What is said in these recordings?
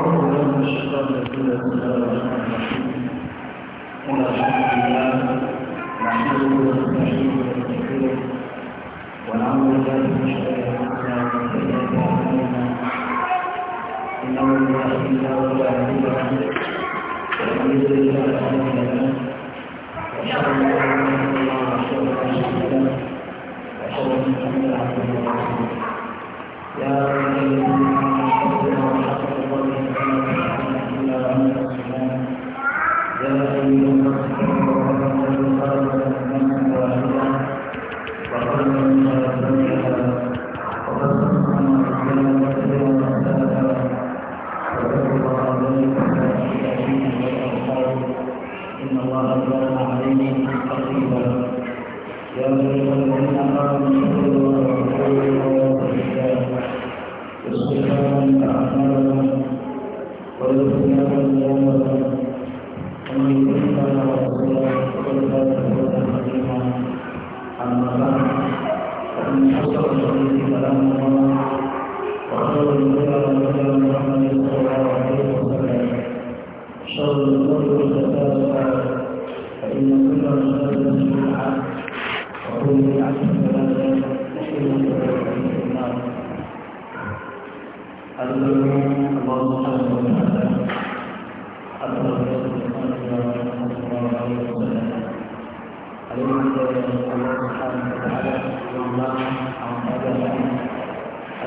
我努力学习，为了建设美好的生活。为了生活，为了梦想，为了祖国的明天。我努力学习，为了建设美好的生活。为了生活，为了梦想，为了祖国的明天。为了生活，为了梦想，为了祖国的明天。为了生活，为了梦想，为了祖国的明天。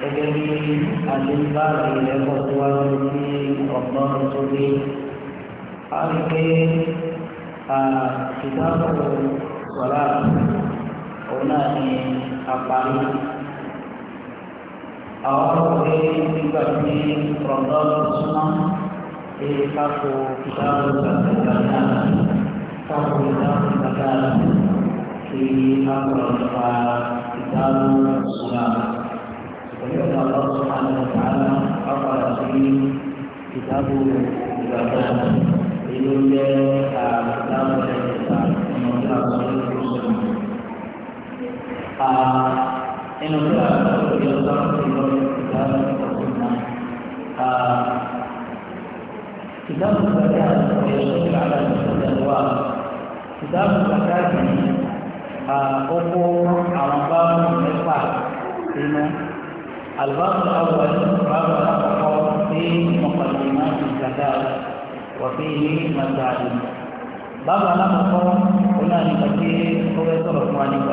gẹ́gẹ́ bí àdúgbà ilẹ̀ bọ̀ síwájú sí ọ̀gbọ́n tó dé. a rí pé ìdáàbò sọ̀rọ̀ òun náà ni àparí. àwọn ọ̀rọ̀ pé nígbà tí ọ̀gbọ́n súnmọ́ èyí kákò ìdáàbò sọ̀rọ̀ náà kákò ìdáàbò sọ̀rọ̀ náà kí a kọ̀ nípa ìdáàbò sọ̀rọ̀ ويقول الله سبحانه وتعالى أقرأ في كتابه الإبادات إذن كتاب الإبادات ومن كتاب صحيح مسلم إن الله يصدق في كتاب السنة كتاب الزكاة يشتمل على مسألة الأدوار كتاب الزكاة أقوم على باب الإخلاص الباب الأول باب الأقوى في مقدمات الزكاة وفيه مسائل باب الأقوى هنا نبكي هو يصرف مالك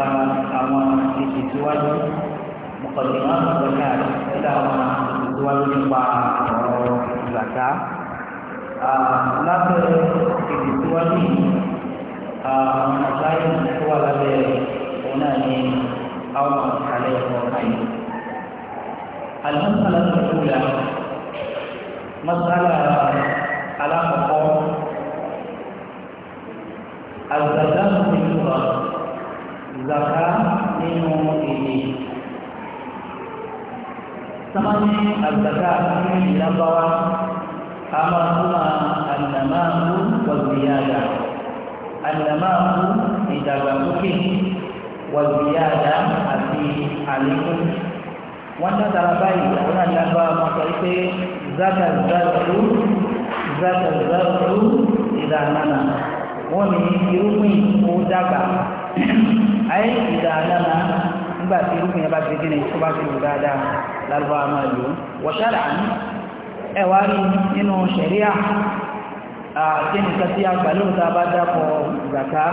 أمام الزواج مقدمات الزكاة إلى أمام الزواج الزكاة lábẹ́ èdè tó wá ní àwọn àgbáyé tó wà lábẹ́ òun náà ni àwọn àkàlẹ̀ ọ̀rọ̀ المسألة الأولى مسألة على مقام الزكاة من اللغة زكاة من إيدي ثمانية الزكاة من اللغة أمرهما النماء والزيادة النماء إذا بكي والزيادة في عليكم wọ́n ní ọ̀tara báyìí àwọn àlágbá wọn sọ pé zaka zaru zaka zaru ìdánáná wọ́n ní irúgbìn kó dàgbà ayé ìdánáná nígbà tí irúgbìn yẹn bá ti dín ní tó bá ti lù dáadáa lálùbọ́ àmọ́ ìlú wọ́ṣálà ní ẹ̀wà rí nínú ṣẹ̀ríà àti nǹkan tí a gbà lóòótọ́ bá dápọ̀ zaka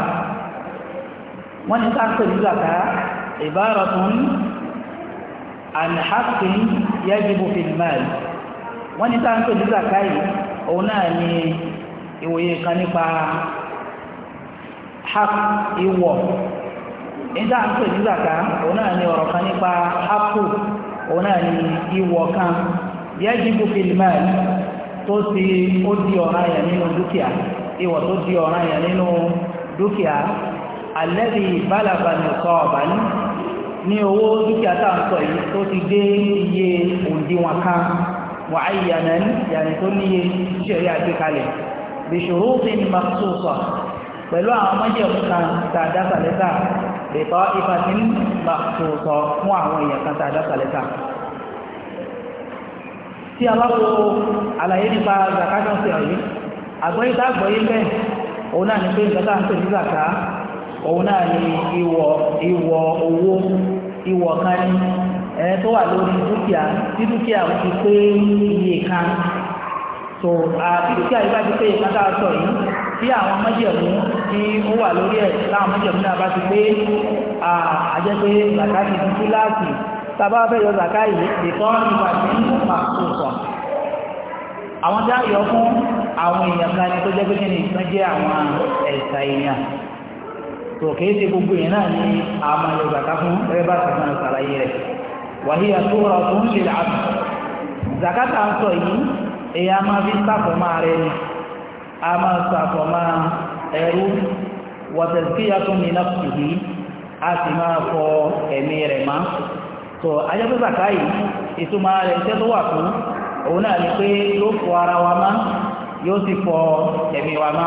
wọ́n ní ká pè ní zaka ìbára tún an haqqin yajibu fil mal wọ́n ní táwọn tó ní zaka yìí òun náà ni ìwòye kan nípa haqq ìwọ̀ nígbà tó ní zaka òun náà ni ọ̀rọ̀ kan nípa haqqu òun náà ni ìwọ̀ kan yajibu fil mal tó ti ó di ọ̀ràn yẹn nínú dúkìá ìwọ̀ tó di ọ̀ràn yẹn nínú dúkìá alladhi balagha nisaban ní owó dúkìá tá à ń sọ yìí tó ti dé iye òǹdíwọ̀n kan wà á yànà yànà tó níye ṣẹ̀rí àgbékalẹ̀ bèṣòro fi ní màsúùsà pẹ̀lú àwọn májẹ̀mú kan tàdá sàlẹ́sà lẹ́tọ́ ìfàtí màsúùsà fún àwọn èèyàn kan tàdá sàlẹ́sà tí a bá wo àlàyé nípa zakatọ̀ sí ọ̀yí àgbọ́yé bẹ́ẹ̀ òun náà ní pé zakatọ̀ sí zakatọ̀ òun náà ni ìwọ̀ ìwọ̀ owó ìwọ̀ kan ní ẹ tó wà lórí dúkìá tí dúkìá ò ti pé iye kan so àti dúkìá yìí bá ti pé ìkan tá sọ yìí tí àwọn májẹ̀mú tí ó wà lórí ẹ̀ láwọn májẹ̀mú náà bá ti pé àjẹ́ pé zaka ti di kíláàsì tàbá fẹ́ yọ zaka yìí ìtọ́n ìgbà tí ó pa tó àwọn dá fún àwọn èèyàn kan ni tó jẹ́ pé kí ni ìtàn àwọn ẹ̀sà èèyàn tó kìí ṣe gbogbo yẹn náà ní àmà ilẹ̀ zaka fún ẹgbẹ́ bá sàkán ṣàlàyé rẹ̀ wàhí àtúwọ̀rọ̀ tó ń lè àbù zaka tá à ń sọ yìí èyí a máa fi sàkọ̀mọ́ rẹ̀ ni a máa sàkọ̀mọ́ ẹrú wọ̀tẹ̀síyà tó ní náà yìí a sì máa fọ ẹ̀mí rẹ̀ má tó ajẹ́pẹ́ zaka yìí ìtumọ̀ rẹ̀ iṣẹ́ tó wà fún òun náà ni pé yóò fọ ara wa má yóò sì fọ ẹ̀mí wa má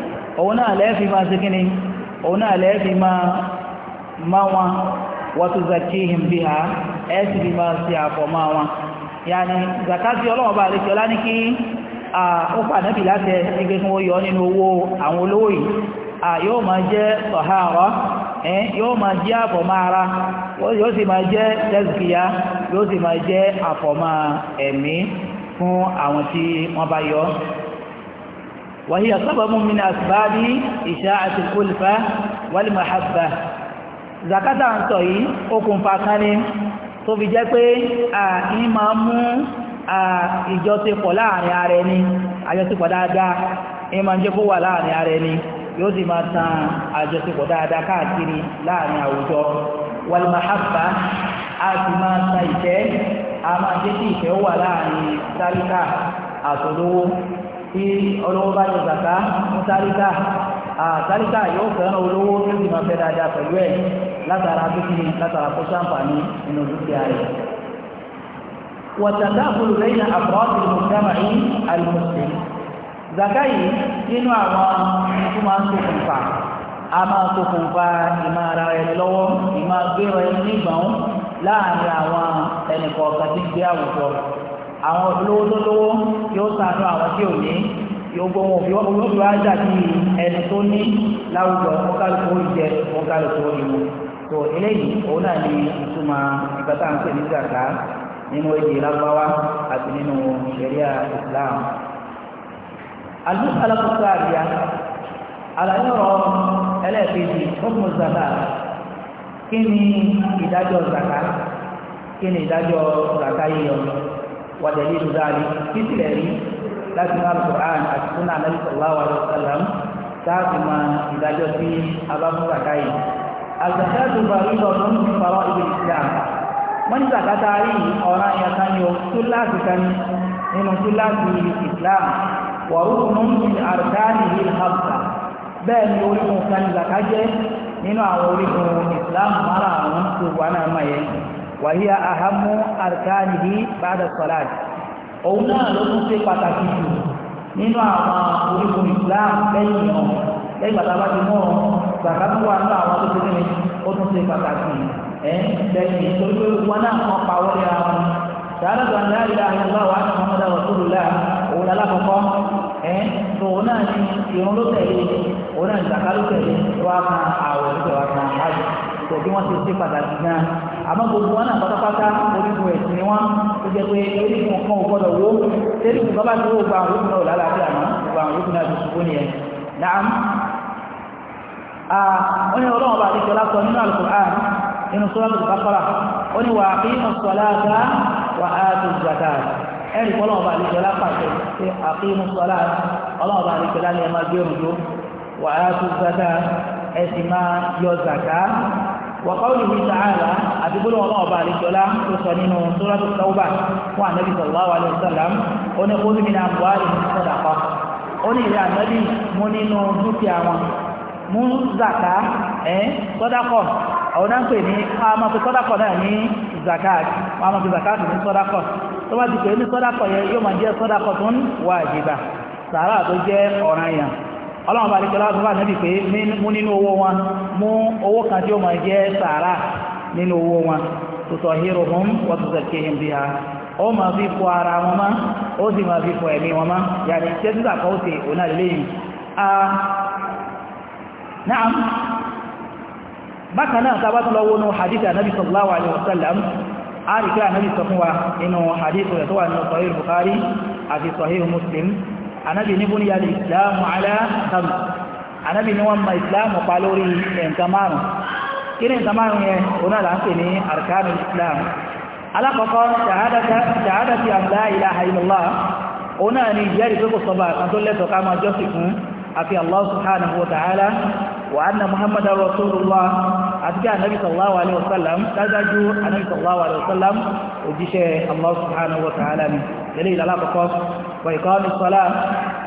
o n'ala efi ma si gini o n'ala efi ma ma nwa wato zaki bi ha esi bi ma si afo ma nwa ya ni zakati olowo ba aliciola ni ki a upa nefi lati igwe sun oyo ninu owo awon olowo yi a yi ma je oha awa ehn ma je afo ma si ma je sezukiya si ma je afo ma emi fun awon ti mabayo وهي سبب من أسباب إشاعة الألفة والمحبة zakata ń sọ yìí okùnfà kan ni tó fi jẹ́ pé àyín máa mú ìjọsepọ̀ láàrin ara ẹni àjọsepọ̀ dáadáa ìyẹn máa ń jẹ́ kó wà láàrin ara ẹni yóò sì máa tan àjọsepọ̀ dáadáa káàkiri láàrin àwùjọ wàlùmáhàbà a sì máa tan ìfẹ́ a máa jẹ́ kí ìfẹ́ wà láàrin sáríkà àtòlówó tí ọlọ́wọ́ bá yọ zàká fún tálíkà àtálíkà yóò fẹ́ràn olówó tó sì máa fẹ́ dáadáa pẹ̀lú ẹ̀ látara dúkìá látara kó sáǹfààní nínú dúkìá rẹ̀. وتداخل بين أفراد المجتمع المسلم zaka yìí nínú àwọn tó máa ń ṣokùnfà a máa ṣokùnfà ìmọ̀ ara ẹni lọ́wọ́ ìmọ̀ gbéra ẹni nígbàún láàrin àwọn ẹnìkọ̀ọ̀kan àwọn olówó tó lówó yóò ṣàánú àwọn tí ò ní yóò gbọ́ wọn òfin wọn òfin wá dàbí ẹni tó ní láwùjọ wọn kálukú ó jẹ wọn kálukú ó yẹ tó eléyìí òun náà ní ìtumọ̀ ìgbà tá à ń pè ní zaka nínú èdè lágbáwá àti nínú ṣẹ̀ríà Islam. alùpùpù alákòóso àbíyá àlàyé ọ̀rọ̀ ẹlẹ́ẹ̀kejì fọ́ọ̀mù zaka kí ni ìdájọ́ zaka kí ni ìdájọ́ zaka yíyọ. ودليل ذلك في تلاري لكن القرآن السنة النبي صلى الله عليه وسلم كافما إذا جسي أبا مزكاي الزكاة فريضة من فرائض الإسلام من زكاة أوراء يكاني كلها كان إنه كلها في الإسلام وركن من أركانه الخمسة بل يورث كان زكاة nínú àwọn orígun islam mara àwọn tó wà náà máa yẹ wàhíà ahamu arkanihi bada salat òun náà ló tún ṣe pàtàkì jù nínú àwọn orígun islam lẹ́yìn ọ̀ lẹ́yìn bàtà bá ti mú ọ bàtà tó wà nínú àwọn tó ṣe kíni ó tún ṣe pàtàkì ẹ̀ lẹ́yìn nítorí pé wọn náà wọn pa wọlé ara wọn sàrà tó àná ìlà àyàn bá wà ní muhammadu rasulullah òun lálá ẹ̀ tó òun náà ní irun ló tẹ̀lé òun náà ní zaka tẹ̀lé wọ́n á kan àwọ̀ ló tẹ̀lé á àmọ́ gbogbo wọn náà pátápátá orígun ẹ̀sìn ni wọ́n tó jẹ́ pé orígun kan ò gbọ́dọ̀ wó tẹ́lifù bábá tó gba àwọn olókùn náà lálàáfíà mọ́ gba àwọn olókùn náà tó ṣubú nìyẹn naam wọ́n ní ọlọ́run bá àdéjọ lásọ nínú Al-Qur'an nínú Suratul Baqara ó ní wa aqimus salata wa atuz zakata ẹ̀rì kọ́ ọlọ́run bá àdéjọ bá àdéjọ lálẹ́ وقوله تعالى أتقول الله بارك لا تصنين سورة التوبة والنبي الله عليه وسلم ونقول من أموالهم صدقة oni ìrẹ́ ànábì mú nínú dúkìá wọn mú zaka ẹ́ sọ́dákọ̀ àwọn náà ń pè ní àmọ́ fi sọ́dákọ̀ náà ní zakat àmọ́ fi zakat ní sọ́dákọ̀ tó bá ti pè sàárà tó jẹ́ ọ̀ranyàn ọlọ́run bá lè kẹ́lá ọdún bá nẹ́bì pé mú nínú owó wọn mú owó kan tí ó máa jẹ́ sàárà nínú owó wọn tòtò hírò hún wọ́n tó tẹ̀kẹ́ yìí bí ha ó máa fi fọ ara wọn má ó sì máa fi fọ ẹ̀mí wọn má yàrá iṣẹ́ títà kan ó sì òun náà lélẹ́yìn náà bákan náà sábà tó lọ́wọ́ nínú hadith anábì ní bóníyà lè ìsìláàmù aláàtàmù anábì ní wọ́n ma ìsìláàmù pa lórí nǹkan márùn kí ni nǹkan márùn yẹn oná là ń pè ní arkanu islam alákọ̀ọ́kọ́ ṣàhádàtì àmàlá ilaha illallah oná ni ìjẹ́rìí pé kò sọba kan tó lẹ́tọ̀ ká máa jọ́sìn fún àfi allah subhanahu wa ta'ala wa anna muhammadar rasulullah àti bí anabi sallallahu وإقام الصلاة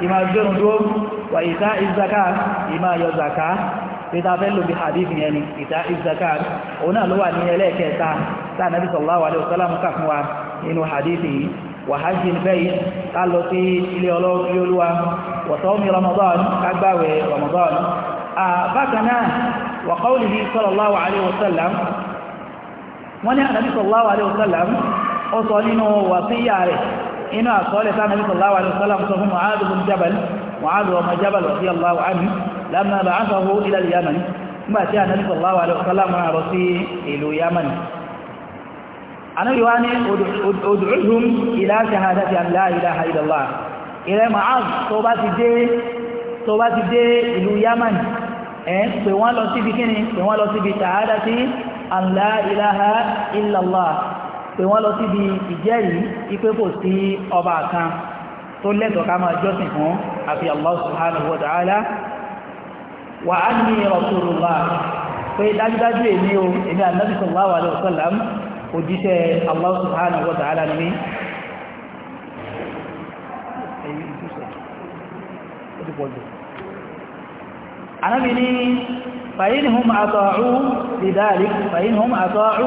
إما جرد وإيتاء الزكاة إما يزكاة ìtafẹ́lò bí hadithi yẹni ìta ìzakat òun náà ló wà ní ẹlẹ́ẹ̀kẹta tá nàbí sallallahu alaihi wasallam kà fún wa nínú hadithi yìí wà hajji bẹ́yì ká lọ sí ilé olúwa wa sawmi ramadan kágbàwẹ̀ ramadan bákanáà sallallahu alaihi wasallam wọ́n ní inú àsọ́lẹ̀ sáà nàbí sallallahu alaihi wasallam sọ fún Mu'adh bin Jabal Mu'adh ọmọ Jabal radiyallahu anhu lamma ba'athahu ila al-Yaman nígbà tí a nàbí sallallahu alaihi wasallam wọn àrọ sí ìlú Yaman anáyíwá ní ud'uhum ila shahadati an la ilaha illallah ilẹ̀ Mu'adh tó bá ti dé tó bá ti dé ìlú Yaman pé wọ́n lọ síbi ìjẹ́rìí ipé kò sí ọba kan tó lẹ́tọ̀ọ́ ká máa jọ́sìn fún àfi Allah subhanahu wa ta'ala wa anni rasulullah pé dájúdájú èmi o èmi ànábì sallallahu alaihi wasallam òjíṣẹ́ Allah subhanahu wa anábi ní fa'inhum ata'u lidhalik fa'inhum ata'u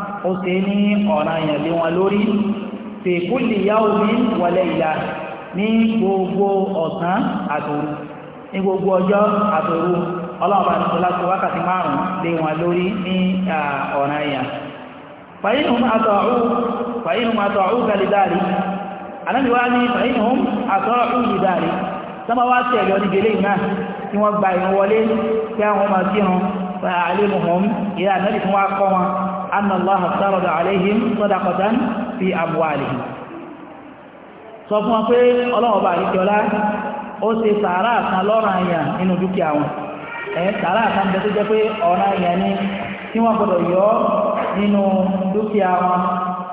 ó ṣe ní ọ̀ranyàn lé wọn lórí fi kulli yawmin wa layla ní gbogbo ọ̀sán àtòru ní gbogbo ọjọ́ àtòru ọlọ́ọ̀bá ní sọlá tó wákàtí márùn-ún lé wọn lórí ní ọ̀ranyàn fàyínhùn àtọ̀ọ̀rù fàyínhùn àtọ̀ọ̀rù gàlìdárì anábíwá ní fàyínhùn àtọ̀ọ̀rù gàlìdárì sọ́mọ́ wá sí ẹ̀lọ́ nígbèlé náà tí wọ́n gba ìrún wọlé àwọn ọmọ sí irun àlèmùhùn ìlànà ìfún wa kọ́ wọn أن الله افترض عليهم صدقة في أموالهم sọ fún wọn pé ọlọ́wọ́ bá àríkíọlá ó ṣe sàárà kan lọ́rọ̀ àyàn nínú dúkìá wọn ẹ̀ sàárà kan bẹ tó jẹ́ pé ọ̀rọ̀ àyàn ni tí wọ́n gbọ́dọ̀ yọ nínú dúkìá wọn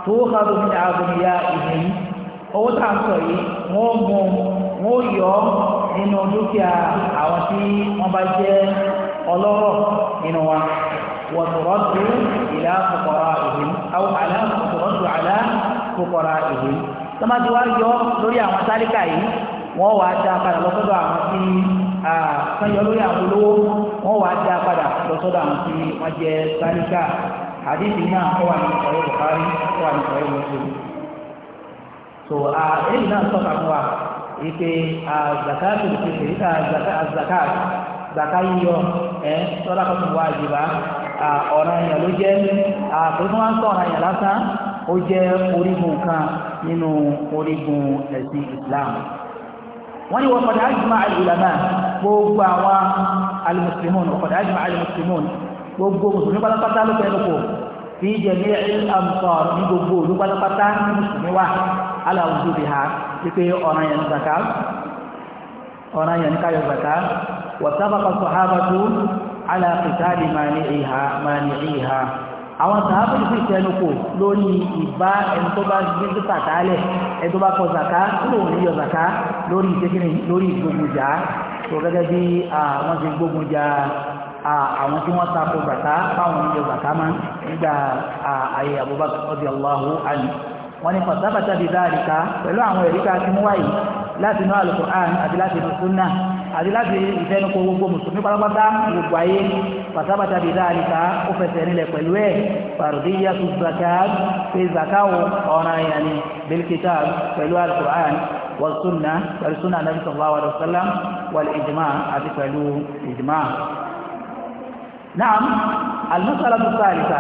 tó kàdó ní àgbòmíyà ìdèyí owó tá ń sọ yìí wọ́n وترد إلى فقرائهم أو على ترد على فقرائهم tọ́mà ti wá yọ lórí àwọn tálíkà yìí wọ́n wàá dá padà lọ́sọ́dọ̀ àwọn tí sanyọ lórí àwọn olówó wọ́n wàá dá padà lọ́sọ́dọ̀ àwọn tí wọ́n jẹ́ tálíkà àdéhùn náà ó wà ní ọ̀rẹ́ Bukhari ó wà ní ọ̀rẹ́ Muslim. so èyí náà sọ̀tà fún wa ike zakaatu ti fi zakaatu zakaatu yíyọ ẹ̀ sọ́dọ̀ kọ́tù wá ọ̀ràn èèyàn ló jẹ́ àkótún wá ń sọ̀ràn èèyàn lásán ó jẹ́ orígun kan nínú orígun ẹ̀sìn Islam wọ́n ní wọ́n kọ̀dá àjùmá al-ulama gbogbo àwọn al-muslimun kọ̀dá àjùmá al-muslimun gbogbo mùsùlùmí pátápátá ló fẹ́ẹ́ lóko fi jẹ̀mí al-amsar ní gbogbo olú pátápátá ní mùsùlùmí wà aláwùjọ bìí ha wípé ọ̀ràn yẹn zaka ọ̀ràn yẹn káyọ̀ zaka wọ́n sábà kọ́ sọ̀hábà ala qitali mani'iha mani'iha àwọn sàábà ní fi tẹnukò lórí ìbá ẹni tó bá gbé dúkà kálẹ̀ ẹni tó bá kọ zàká kúrò ní yọ zàká lórí ìtẹ́kìnì lórí gbógun jà tó gẹ́gẹ́ bí àwọn ti gbógun jà àwọn tí wọ́n tako zàká báwọn ní yọ zàká má nígbà ayé Abubakar radiyallahu anhu wọ́n ní pàtàkì tàbí pẹ̀lú àwọn ẹ̀ríkà tí mú wáyé láti inú al àti láti inú àti láti ìfẹnukò gbogbo mùsùlùmí pátápátá gbogbo ayé pàtàpàtà bíi dáadìka ó fẹsẹ̀ nílẹ̀ pẹ̀lú ẹ̀ fàrùdíyà tó zaka pé zaka wo ọ̀ràn yẹn ni bílkítà pẹ̀lú alukur'an wàlùsùnà pẹ̀lú sunna anabi sallallahu alayhi wa sallam wàlù ìjìmá àti pẹ̀lú ìjìmá. naam alimusala musa alisa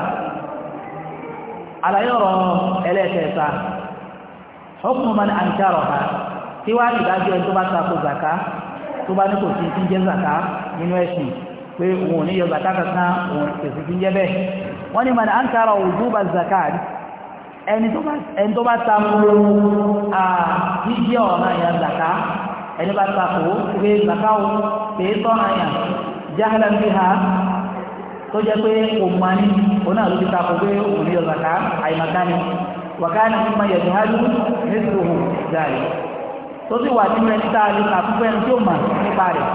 alayọrọ ẹlẹ́kẹta hukuman ankaraha tiwa ìdájọ́ ẹni tó bá ta zaka tó bá ní kò sí ti ń jẹ́ zaka nínú ẹ̀sìn pé òun ò ní yọ zaka kankan òun kò sí ti ń jẹ́ bẹ́ẹ̀ wọ́n ní mọ̀nà ankara wujuba zaka ẹni tó bá takò jíjẹ́ ọ̀ràn yẹn zaka ẹni bá takò pé zaka ò pé tọ́ràn yẹn jahlan biha tó jẹ́ pé òmùmání òun náà ló ti takò pé òun ní yọ zaka àyèmàkánì wàkánì mímọ yẹ̀dùn hálù nítorí tó sì wà nínú ẹni tá a lè kà fún ẹni tí ó mà nípa rẹ̀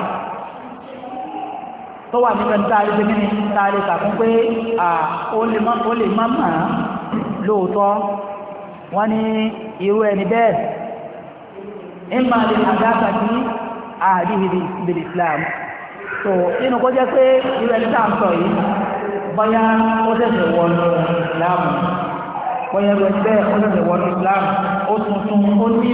tó wà nínú ẹni tá a lè ṣe kíni tá a lè kà fún pé ó lè má mà á lóòótọ́ wọ́n ní irú ẹni bẹ́ẹ̀ ìmọ̀ àlè àdáàkà sí àdìhìrì ìbìlì Islam so nínú kó jẹ́ pé irú ẹni tá a sọ yìí bọ́yá ó ṣẹ̀ṣẹ̀ wọnú Islam bọ́yá ẹgbẹ́ ó ṣẹ̀ṣẹ̀ wọnú Islam ó tuntun ó ní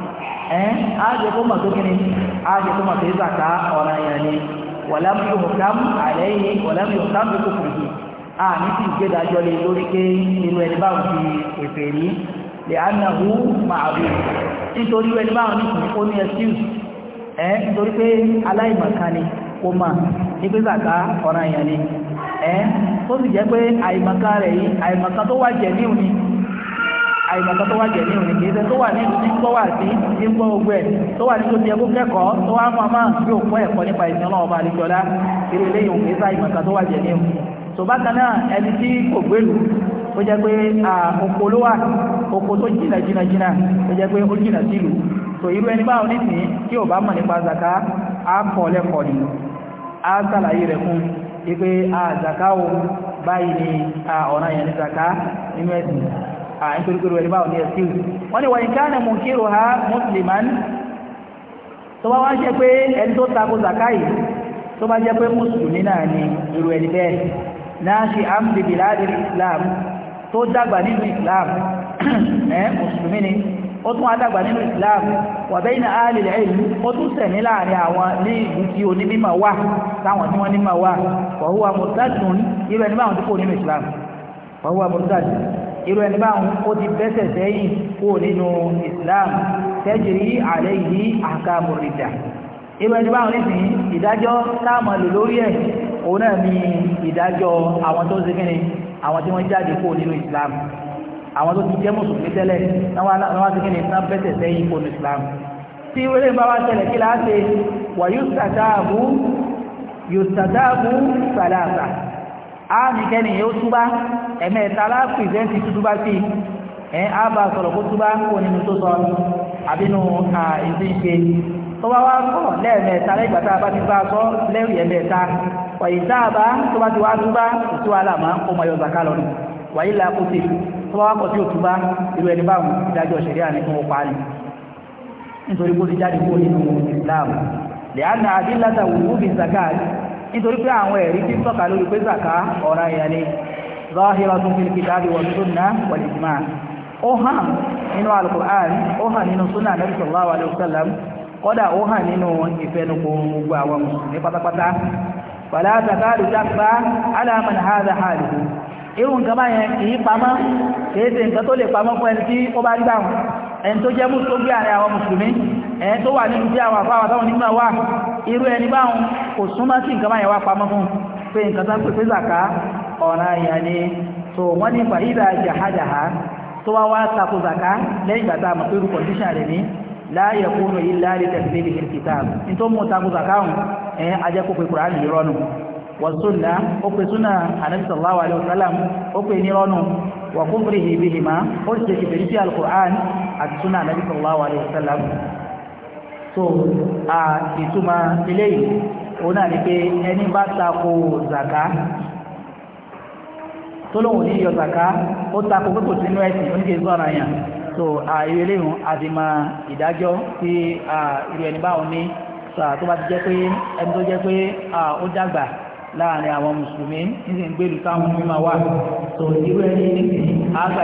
ẹ́n ájẹ́ kó mọ̀ tó kíni ájẹ́ kó mọ̀ tó ìzàká ọ̀rọ̀ yẹn ni wọ̀lámi yóò kám àlẹ́yìn wọ̀lámi yóò kám lókò fún yìí a ní sì gbẹ́dájọ́ lé lórí pé inú ẹni báwọn ti nítorí ẹni báwọn ní kùn ó ní ẹsíù ẹ́ nítorí pé aláìmọ̀kan ni kó mọ̀ ní pé zàká ọ̀rọ̀ yẹn ẹ́ tó sì jẹ́ pé àìmọ̀kan rẹ̀ yìí àìmọ̀kan tó wà jẹ̀ níhùn ni àìmọ̀kan tó wà jẹ̀ ní òní kìí ṣe tó wà ní ìlú tí ń gbọ́ wà sí tí ń gbọ́ gbogbo ẹ̀ tó wà nílùú tí ẹ kó kẹ́kọ̀ọ́ tó wà máa máa yóò kọ́ ẹ̀kọ́ nípa ìsìn ọlọ́run ọba àdìjọ́lá eré lẹ́yìn òun kìí ṣe àìmọ̀kan tó wà jẹ̀ ní òní. tó bá kan náà ẹni tí kò gbèlú ó jẹ́ pé oko ló wà oko tó jìnà jìnà jìnà ó jẹ́ pé ó jìnà sílùú tó irú ẹni báwọn nísìnyí tí ò bá mọ̀ o báyìí ni ọ̀nà yẹn ní Ah, nítorí pé rẹ̀ báwọn ní excuse wọ́n ní wọ́n ìkáàna mú kírò ha musliman tó bá wọ́n jẹ́ pé ẹni tó tako zakai tó bá jẹ́ pé mùsùlùmí náà ni irú ẹni bẹ́ẹ̀ náà ṣe amdi islam tó dàgbà nínú islam ẹ̀ eh, mùsùlùmí ni ó tún islam wà bẹ́yìn ààlì ilmi ó tún sẹ̀mí láàrin àwọn ní ìlú tí onímọ̀ wà islam wàhúwa mùsùlùmí irú ẹni báwọn ó ti bẹ́sẹ̀ sẹ́yìn kó nínú islam tẹ́jìrí àlẹ́ yìí àkàmù rìdà irú ẹni báwọn nísìnyí ìdájọ́ táàmù lò lórí ẹ̀ òun náà ni ìdájọ́ àwọn tó ń ṣe kíni àwọn tí wọ́n jáde kó nínú islam àwọn tó ti jẹ́ mùsùlùmí tẹ́lẹ̀ náà wá sí kíni náà bẹ́sẹ̀ sẹ́yìn kó nínú islam tí wọ́n lè bá wá tẹ̀lẹ̀ kí láti wà yóò sàdáàbù yóò sàdáàbù sàdáàbà ààbìkẹ́ni yóò túbá ẹ̀mẹ́ta lápìsẹ́ntì túbá sí ẹ̀ àbá sọ̀rọ̀ kó túbá kó nínú tó sọ àbínú àìsíṣe tó bá wá kọ̀ lẹ́ẹ̀mẹ́ta lẹ́gbàtà bá ti bá sọ lẹ́rù ẹ̀mẹ́ta wàyíṣà bá tó bá ti wá túbá tó alàmà ó mọ̀ yọzàká lọ nù wàyí làkútì tó bá wá kọ̀ tí ò túbá irú ẹni báwọn ìdájọ́ ṣẹ̀ríà ní fún ọpa ni nítorí kó ti jáde kó nínú ìsìláàmù lẹ́yìn àdínlátà wùdú bí zakat nítorí pé àwọn ẹ̀rí tí ń tọ́ka lórí pé zaka ọ̀ràn èèyàn ni zahiratun fil kitabi wa sunnah wal ijma ó hàn nínú alukur'an ó hàn nínú sunna nabi sallallahu alayhi wa sallam kódà ó hàn nínú ìfẹnu gbogbo àwọn mùsùlùmí pátápátá wàlá takadu jápa alaman hada halihu irú nǹkan báyẹn kìí pamọ́ lè pamọ́ ẹni tí ó bá tó jẹ́ mùsùlùmí àwọn mùsùlùmí ẹ̀ tó wà nínú bí àwọn àfáwà táwọn nígbà wà irú ẹni báwọn kò súnmọ́ sí nǹkan báyẹn wá pamọ́ fún pé nǹkan tá ń pèsè zàká ọ̀ràn àyà ni tó wọ́n ní fàyídà jàhájàhá tó wá wá tako zàká lẹ́yìn ìgbà tá a mọ̀ pé irú kọ̀ndíṣàn rẹ̀ ní láàyè kúrò ilé àlè tẹ̀sílẹ̀ ìhìn kìtàb ní tó mú pe súnà ànábì sallallahu alaihi wasallam ó pe ní rọ́nù wà kúmbrì hìbìhìmá ó àti súnà ànábì sallallahu alaihi wasallam so ìtumọ̀ eléyìí òun náà ni pé ẹni bá tako zaka tó lóun ní yọ zaka ó tako pé kò sínú ẹ̀sìn oníkèé sọ̀rọ̀ àyàn so ààyè eléyìí àti mọ ìdájọ́ tí irú ẹni báwọn ní sọ àti bá ti jẹ́ pé ẹni tó jẹ́ pé ó dàgbà láàrin àwọn mùsùlùmí nígbà gbèrú táwọn mímọ wà so irú ẹni nígbà àgbà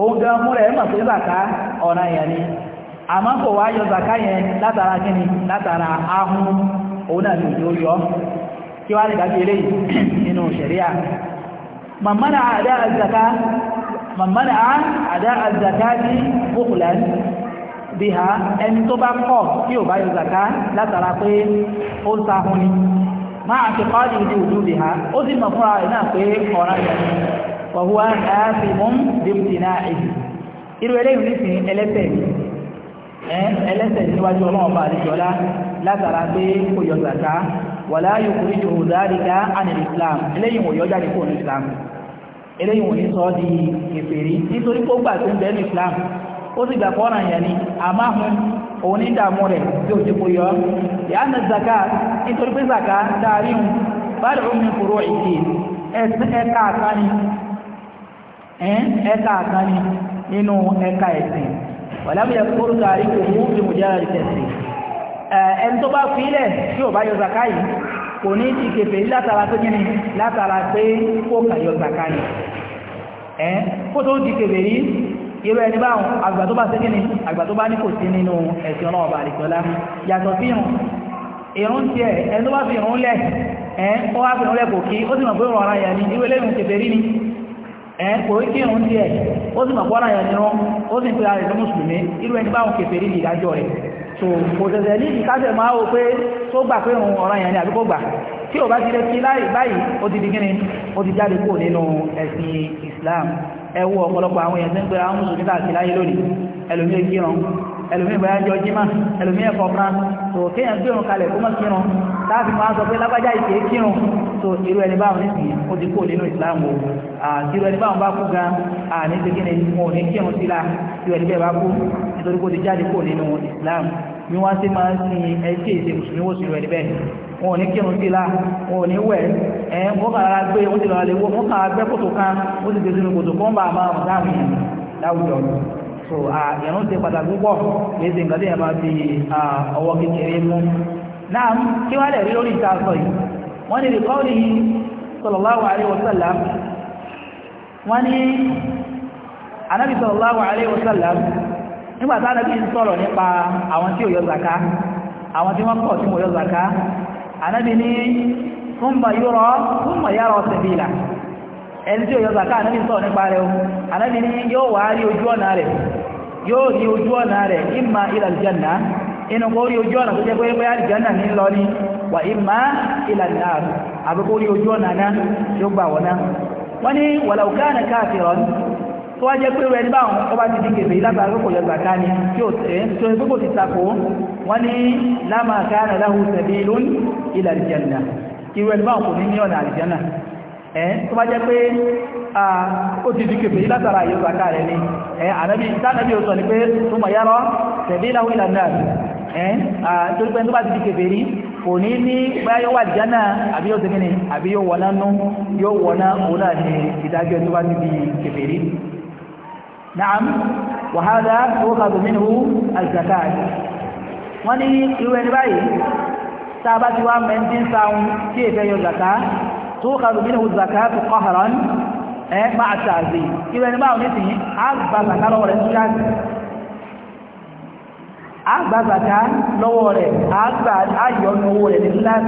òun gan múra ẹ̀ mọ̀ pé zaka ọ̀nà yẹn ni àmọ́ kò yọ zaka yẹn látara kíni látara ahun òun náà ni òjò yọ kí wá lè dájú eléyìí nínú ṣẹ̀ríà mọ̀mọ́nà àdá àzàká mọ̀mọ́nà àdá àzàká ní bí ha ẹni tó bá kọ̀ kí ò bá yọ zaka látara pé ó ń sahun ni máa ti kọ́ ìdí bí ha ó sì mọ̀ fúnra náà pé yẹn wàhúwá ààfin mọ́ dèbùtì náà èyí irú eléyìí nísìnyí ẹlẹ́sẹ̀ ẹlẹ́sẹ̀ níwájú ọlọ́run ọba àdìjọ́lá látara pé kò yọ zàká wàlá yòókùnrin jòhùn dáríga ànìlì islam eléyìí wò yọ jáde kó ní islam eléyìí wò ní sọ di kèfèrí nítorí kó gbà tó ń bẹ́ẹ̀ ní islam ó sì gbà fọ́nà yẹn ni àmáhùn òun ní dààmú rẹ̀ tí ó ti kó yọ ìyá ní nítorí pé zaka dáríhùn bá ẹ̀ka àkáni ẹ̀ka àkànni nínú ẹ̀ka ẹ̀sìn wàlámù yẹ kúrò tààrí kò mú ìmú jára rí tẹ̀sí ẹni tó bá fi ilẹ̀ tí ò bá yọ zaka yìí kò ní ti kèfè látara pé kíni látara pé kó kà yọ zaka yìí ẹ kó tó di kèfè rí irú ẹni báwọn àgbà tó bá sí kíni àgbà tó bá ní kò sí nínú ẹ̀sìn ọlọ́wọ́ bá àdìgbọ́lá yàtọ̀ sí irun irun tiẹ̀ ẹni tó bá fi irun lẹ̀ ẹ ó wá fi irun lẹ̀ kò kí ó sì mọ̀ pé rọra yà ẹ̀ kò rí kí òun díẹ̀ ó sì mọ̀ pọ́nà yẹn nírọ́ ó sì ń pe ara rẹ̀ ní mùsùlùmí irú ẹni báwọn kẹfẹ́ rí ìdájọ́ rẹ̀ so kò tẹ̀sẹ̀ ní ìkájẹ̀ máa wo pé tó gbà pé òun ọ̀ràn yẹn ni àbí kò gbà tí ò bá ti lè fi láì báyìí ó ti di gíní ó ti jáde kúrò nínú ẹ̀sìn Islam ẹwọ́ ọ̀pọ̀lọpọ̀ àwọn èèyàn tí ń pè àwọn mùsùlùmí tààkì láyé lónìí ẹlòmí kíran ẹlòmí ìbáyájọ́ jímá ẹlòmí ẹ̀kọ́ fran tó kéèyàn gbé òun kalẹ̀ kó mọ́ kíran láàfi máa sọ pé lágbájá ìpè kírun tó irú ẹni báwọn nísìnyí ó ti kó nínú Islam o àti irú ẹni báwọn bá kú gan àní ti kíni wọn ò ní kírun síla irú ẹni bẹ́ẹ̀ bá kú nítorí kó ti jáde kó nínú Islam bí wọ́n ti máa ń sin ẹjẹ́ ìṣe mùsùlùmí wò sí irú ẹni bẹ́ẹ̀ wọn ò ní kírun sí la wọn ò ní wẹ̀ ẹ̀ wọ́n kàrà gbé wọ́n ti lọ́ra lè wọ́n kàrà gbé kòtò kan ti kòtò kan bá a máa dáhùn yẹn so ìrún ti pàtàkì púpọ̀ kì ṣe nǹkan tí yẹn máa fi ọwọ́ kékeré mú náà kí wọ́n lè rí lórí ìta sọ yìí wọ́n ní wọ́n ní anábì anábì sọ̀rọ̀ nípa àwọn tí ò yọ zaka ànábì ní túnbà yúrọ túnbà yára ọ̀sẹ̀ bí ìlà ẹni tí ó yọ zaka ànábì sọ nípa rẹ̀ o ànábì ní yóò wá rí ojú ọ̀nà rẹ̀ yóò rí ojú ọ̀nà rẹ̀ ìmà ilà aljanna inú kó rí ojú ọ̀nà tó jẹ́ pé aljanna ní lọ ní wà ìmà ilà nar rí ojú ọ̀nà náà yóò gbà wọ̀ náà wọ́n ní wàlàukánà káàkiri tó wá jẹ́ pé ẹni báwọn ọba ti di kèfèé látara kókò yọ gbàká ni tí ó tẹ̀ tó ẹni kókò ti takò wọ́n ní lámà káàdà láhùn sabilun ila aljanna irú ẹni báwọn kò ní ní ọ̀nà aljanna ẹ̀ tó bá jẹ́ pé ó ti di kèfèé látara yọ gbàká rẹ̀ ni ẹ̀ ànábì tánàbí ó sọ ni pé tó mọ̀ yára kò ní ní báyá yóò wà jánà àbí yóò tẹ́gẹ́ àbí yóò wọ́ná nú yóò wọ́ná òun náà ní ìdájọ́ tó bá ti di kèfèé نعم وهذا يؤخذ منه الزكاة وني يوين باي سابت من تنساهم كيف يزكاة تؤخذ منه الزكاة قهرا مع التعزيز يوين باي نسي أكبر زكاة لو رسولات أكبر زكاة لو رسولات أكبر أيون هو للناس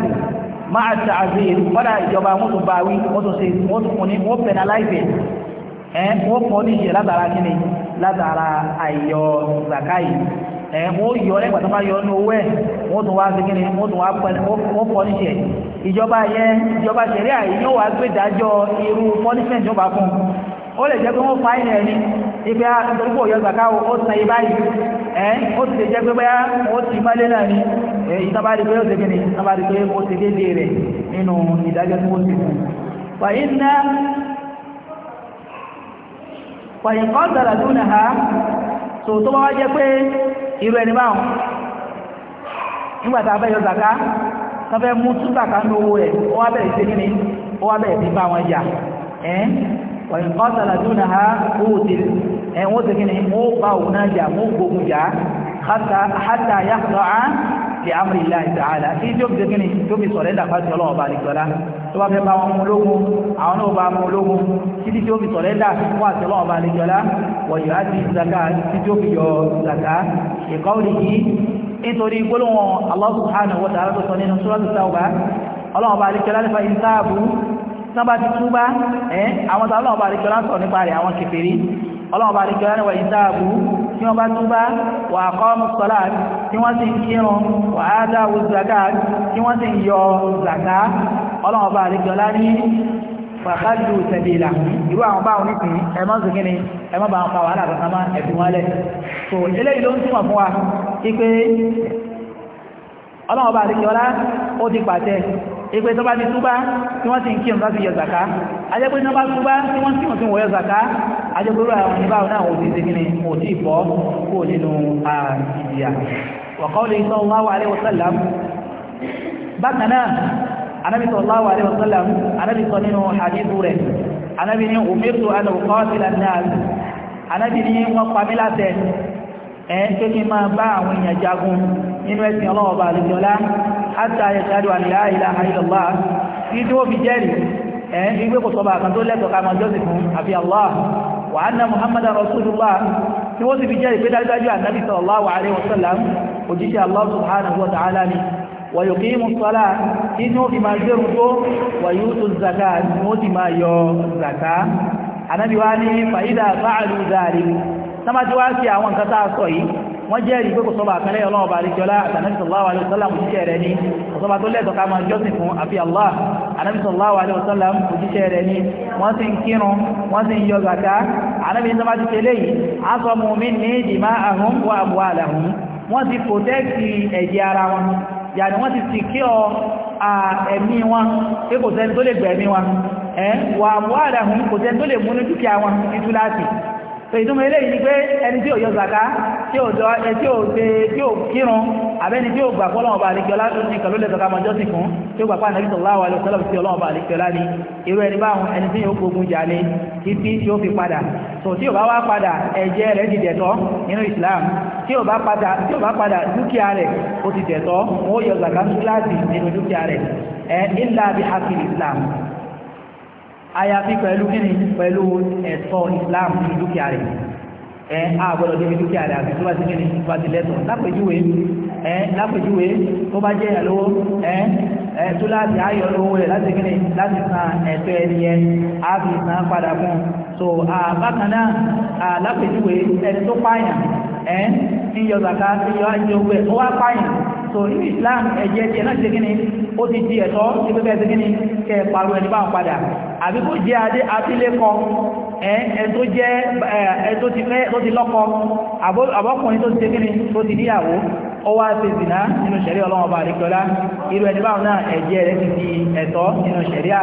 مع التعزيز ولا يجب أن مطبعوي مطبعوي مطبعوي مطبعوي ẹ wọ́n kọ́ ní ìṣe látara kíni látara àyọ zaka yìí ẹ wọ́n yọ lẹ́gbàá tó bá yọ ní owó ẹ̀ wọ́n tún wá sí kíni wọ́n tún wá pẹ̀lẹ́ wọ́n kọ́ ní ìṣe ìjọba yẹ ìjọba ṣẹ̀rí àyè yóò wá gbé dájọ́ irú punishment yóò bá fún ó lè jẹ́ pé wọ́n fa ilẹ̀ ni ibi a ah, nítorí pé òyọ́ zaka ó san ibà yìí ẹ́ ó ti lè jẹ́ pé bóyá ó ti mọ́lé náà ni èyí tábà rí pé ó ti gbìn ní rí pé ó ti dédé rẹ̀ nínú ìdájọ́ tí wọ́n ti fún. wàyí ná wàyíkọ́ dára dúnà ha tó tó bá wá jẹ́ pé irú ẹni báhùn nígbàtà abẹ́yọ zaka tọ́fẹ́ mú tún zaka ní owó rẹ̀ ó wá bẹ̀rẹ̀ sí ó wá bẹ̀rẹ̀ sí bá wọn jà ẹ́n ha ó bi amri Allahi ta'ala kí tí ó fi ṣe kíni tó fi sọ̀rẹ́ndà fásitì ọlọ́wọ́ bá nìkọ́lá tó bá fẹ́ bá wọn mú ológun àwọn náà bá mú ológun títí tí ó fi sọ̀rẹ́ndà fún àti ọlọ́wọ́ bá nìkọ́lá wọ̀nyí á ti zaka títí tí ó fi yọ zaka ìkọ́ òrìkì nítorí gbólóhùn Allah subhanahu wa bá nìkọ́lá nípa ìsáàbù nípa rẹ̀ àwọn kèfèrí ọlọ́wọ́ bá nìkọ́lá nípa ìsáàbù tí wọ́n bá túbá wà kọ́mù sọ́lá tí wọ́n sì ń kírun wà á dáwò zaka tí wọ́n sì ń yọ zaka ọlọ́wọ́n bá àlejòlá ní fàkàlù sẹ̀bìlà irú àwọn báwọn nìkan ẹ̀mọ́ sìnkínni ẹ̀mọ́ bá ń pa wàhálà kankan mọ́ ẹ̀fìn wọn lẹ̀ so eléyìí ló ń túmọ̀ fún wa ipe ọlọ́wọ́n bá àlejòlá ó ti pàṣẹ ìpé tó bá ti túbá tí wọ́n ti ń kírun láti yọ zaka ajẹ́pé tó bá túbá tí wọ́n ti ń wọ̀ yọ zaka ajẹ́gbẹ́rú àwọn oníbàwò náà wò sí ìdíkíní wò sí ìfọ́ kó nínú ìjìyà wàkọ́lù sallallahu alaihi wasallam bákan náà anábì sallallahu alaihi wasallam anábì sọ nínú hadithu rẹ̀ anábì ní umirtu an uqatila an-nas anábì lẹ́tọ̀ọ́ ká jọ́sìn fún àfi Allah wà á ná muhammadan rasulullah ni wọ́n sì fi jẹ́ ìpé dájúdájú ànábì sallallahu alaihi wasallam òjíṣẹ́ allah subhanahu wa ta'ala ni wa yuqimu salat inú ìmá gbẹ̀rún tó wa yutu zakat ni wọ́n ti máa yọ wọ́n jẹ́rìí pé kò sọ́ba àkànlẹ́ ọlọ́ọ̀bà àríkíọ́lá àtànábì sallallahu alaihi wasallam òjíṣẹ́ rẹ̀ ni kò sọ́ba tó lẹ́tọ̀ọ́ ká máa jọ́sìn fún àfi Allah ànábì sallallahu alaihi wasallam òjíṣẹ́ rẹ̀ ni wọ́n sì ń kírun wọ́n sì ń yọ gàtá ànábì sọ́ba ti ṣe léyìí asamu minni dima'ahum wa amwalahum wọ́n ti pòtẹ́kì ẹ̀jẹ̀ ara wọn yàní wọ́n ti sì kí ọ ẹ̀mí wọn pé kò sẹ́ni tó lè gbẹ̀mí wọn ẹ̀ wà amwalahum kò sẹ́ni tó tí ò dọ́ tí ò ṣe tí ò kírun àbẹ́ni tí ò gbà fọ́ lọ́wọ́ bá àlejò ọlá tó ní kàló lẹ́sọ̀ká máa jọ́sìn fún tí ó gbà fún ànábì sallallahu alaihi wasallam sí ọlọ́wọ́ bá àlejò ọlá ni irú ẹni báwọn ẹni tí yóò gbógun jà ní títí tí ó fi padà tó tí ò bá wá padà ẹ̀jẹ̀ rẹ̀ ti dẹ̀tọ́ nínú Islam tí ò bá padà tí ò bá padà dúkìá rẹ̀ ó ti dẹ̀tọ́ wọn ó yọ zakatu láti nínú dúkìá rẹ̀ ẹ̀ illa bi haqqi Islam àyàfi pẹ̀lú Islam nínú dúkìá ẹ àgbọ̀dọ̀ débi dúkìá rẹ̀ àti tó bá ti kíni tó bá ti lẹ́tọ̀ lápèjúwe ẹ lápèjúwe tó bá jẹ́ ìyàlówó ẹ ẹ tó láti ayọ̀ lówó rẹ̀ láti kíni láti san ẹ̀tọ́ ẹni yẹn á fi san padà fún un so bákan náà lápèjúwe ẹni tó pààyàn ẹ ń yọ zàká ń yọ àjẹwò ẹ ó wá pààyàn so ní islam ẹ̀jẹ̀ tiẹ̀ náà ṣe kíni ó ti di ẹ̀tọ́ tí pé bẹ́ẹ̀ ṣe kíni kẹ pàrọ̀ ẹni báwọn padà àbí kó jẹ́ adé abilékọ ẹ̀ tó jẹ́ ẹ̀ tó ti fẹ́ tó ti lọ́kọ àbọ́kùnrin tó ti ṣe kíni tó ti níyàwó ó wá ṣe zìnà nínú ṣẹ̀rí ọlọ́wọ́ba àríkọlá irú ẹni báwọn náà ẹ̀jẹ̀ rẹ̀ ti di ẹ̀tọ́ nínú ṣẹ̀rí à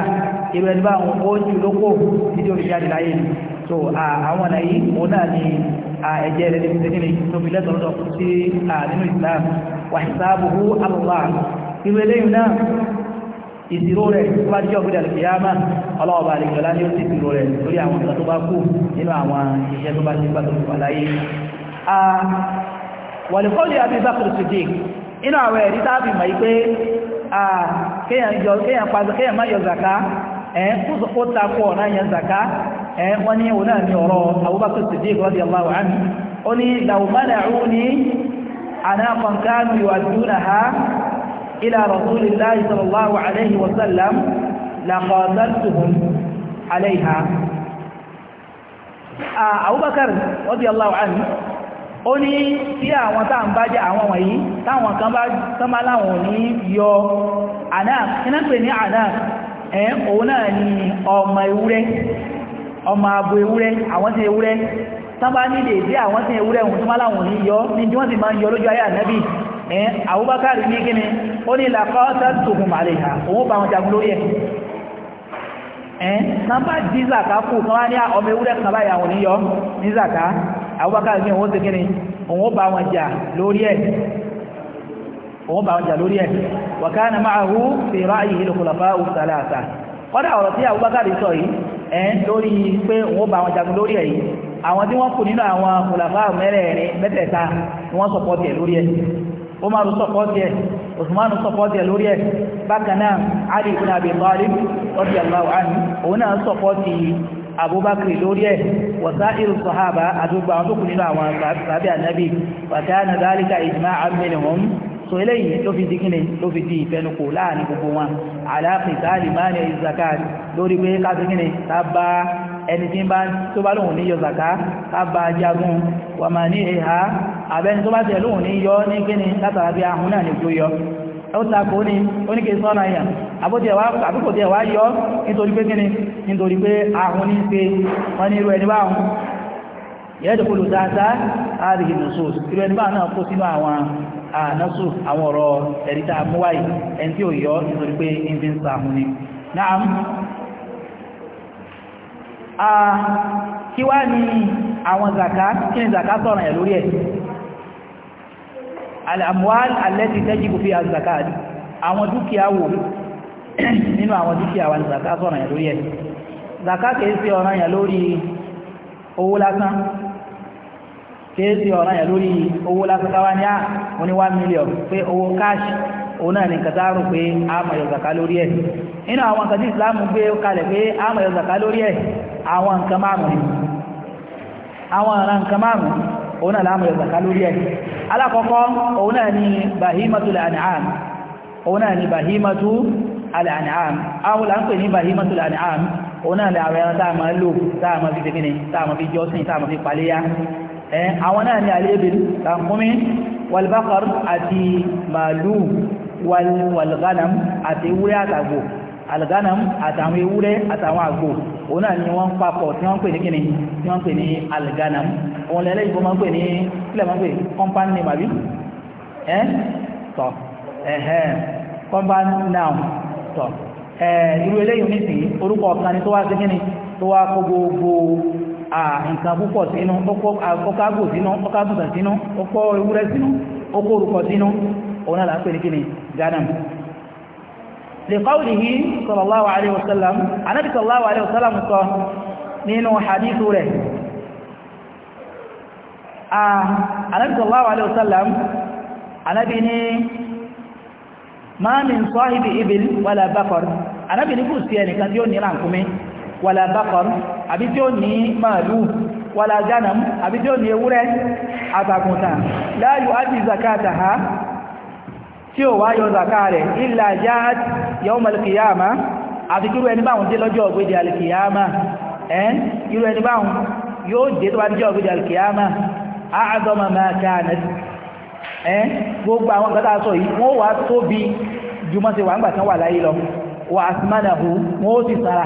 irú ẹni báwọn ó jù lókò títí olùjáde láyé so àwọn ọ̀nà yìí òun náà ni ẹ̀jẹ̀ rẹ̀ ti ṣe kíni tó fi lẹ́tọ̀ọ́ lọ́dọ̀ sí nínú islam وحسابه hisabuhu Allah irú eléyìí náà ìdìró rẹ̀ tó bá jẹ́ ọ̀gbẹ́dẹ̀ àlùkìyàmá ọlọ́ọ̀bà àlùkìyàlá ni ó ti dìró rẹ̀ lórí àwọn ìgbà tó bá kú nínú àwọn iṣẹ́ tó bá ti gbà tó wà láyé wàlùkọ́lù àbí bákùrù Siddiq inú àwọn ẹ̀rí tàbí ma ipé kéyàn má yọ zaka ẹ̀yìn kó takọ ọ̀nà yẹn أناقا كانوا يؤدونها إلى رسول الله صلى الله عليه وسلم لقاتلتهم عليها Abu Bakr radiyallahu anhu ó ní tí àwọn táà ń bá jẹ́ àwọn wọ̀nyí táwọn kan bá láwọn ní yọ anáà iná pè ní anáà ẹ̀ òun náà ni ọmọ ewúrẹ́ ọmọ abo ewúrẹ́ àwọn tí ewúrẹ́ tán bá ní dèédé àwọn tí ewúrẹ́ ohun tó má láwọn ní yọ ní tí wọ́n sì máa ń yọ lójú ayé ànábì ẹ̀ Abubakar ní kíni ó ní làkọ́ sẹ́tùkùn màlẹ́hà òun bá wọn jagun lórí ẹ̀ ẹ̀ tán bá dí zàká kù kán wá ní ah, ọmọ ewúrẹ́ kan báyìí ẹ̀ eh, lórí pé wọ́n bá wọn jagun lórí ẹ̀ àwọn tí wọ́n kù nínú àwọn kùlàfà mẹ́rẹ̀ẹ̀rin mẹ́tẹ̀ẹ̀ta ni wọ́n sọpọ́tì ẹ̀ lórí ẹ̀ Umaru sọpọ́tì ẹ̀ Usmanu sọpọ́tì ẹ̀ lórí ẹ̀ bákan náà Ali ibn Abi Talib radiyallahu òun náà sọpọ́tì Abubakar so eléyìí ló fi di kíni ló fi di ìfẹnukò láàrin gbogbo wọn aláàfin sáàlì máa ní zakat lórí pé ká sí kíni ká bá ẹni tí bá tó bá lóhun ní yọ zakat ká bá jagun wà máa ní ìhà àbẹ́ni tó bá tẹ̀ lóhun ní yọ ní kíni látara bí ahun náà ní tó yọ ó tako ní oníkè sọ́nà ẹ̀yà àbúkò tí ẹ̀wà yọ nítorí pé kíni nítorí pé ahun ní ṣe wọ́n ní irú ẹni báhun yẹ́dẹ̀kúlù dáadáa àríhì nùsùs ìrẹ́ nígbà náà kó sínú àwọn ànásù àwọn ọ̀rọ̀ ẹ̀ríta múwáì ẹni tí ó yọ nítorí pé ìbí ń sàmú ni náà a kí wá ní àwọn zaka kí ni zaka sọ̀rọ̀ ẹ̀ lórí ẹ̀ al-amwal allati tajibu fi az-zakat àwọn dúkìá wò nínú àwọn dúkìá zaka sọ̀rọ̀ ẹ̀ lórí ẹ̀ zaka kìí owó lásán kéèsì ọ̀ràn yẹn lórí owó lásìkáwá ní à wọ́n ní one million pé owó cash òun náà ní kàtà rò pé a máa yọ zàká lórí ẹ̀ nínú àwọn nǹkan tí Islam gbé kalẹ̀ pé a máa yọ zàká lórí ẹ̀ àwọn nǹkan márùn ni àwọn ọ̀ràn nǹkan márùn òun náà láàmú yọ zàká lórí ẹ̀ alákọ̀ọ́kọ́ òun náà ní bahimatul an'am òun náà ní bahimatul an'am àwọn là ń pè ní bahimatul an'am òun náà ní àwọn ẹran lò táà fi tẹ́kínni táà fi jọ́sìn táà fi paléyà àwọn náà ni alébìl tàkúnmí walbakar àti màálù walganam àti ewúrẹ́ àtàgbò alganam àtàwọn ewúrẹ́ àtàwọn àgbò òun náà ni wọ́n papọ̀ tí wọ́n pè ní kíni tí wọ́n pè ní alganam òun lẹ́lẹ́ ìbò máa ń pè ní kílẹ̀ máa ń pè compound name àbí compound noun tọ̀ ẹ̀ irú eléyìí nísìnyí orúkọ ọ̀kan ni tó wá sí kíni tó wá kó gbogbo nǹkan púpọ̀ sínú ọkọ̀ sínú ọkọ̀ àgùntàn sínú ọkọ̀ ewúrẹ́ sínú ọkọ̀ orúkọ sínú òun náà lápẹ́ nìkíni jahannam lè kọ́wùlì yìí sallallahu alaihi wasallam anábì sallallahu alaihi wasallam sọ nínú hadithu rẹ̀ anábì sallallahu alaihi wasallam anábì ní wàlá bákan àbí tí ó ní màálù wàlá gánàm àbí tí ó ní ewúrẹ́ àtàkùntàn láàyò àti zakata ha tí ó wá yọ zaka rẹ̀ ilà jáàt yawm al-qiyama àti kírú ẹni báhùn dé lọ́jọ́ ọ̀gbẹ́dì alkiyama ẹn irú ẹni báhùn yóò dé tó bá dé àádọ́mà máa káànẹ̀ ẹn gbogbo àwọn gbọ́dá sọ yìí wọ́n wá tóbi jùmọ́ wà ń gbà tán wà láyé lọ wà àtìmánà hù wọ́n ó sì sára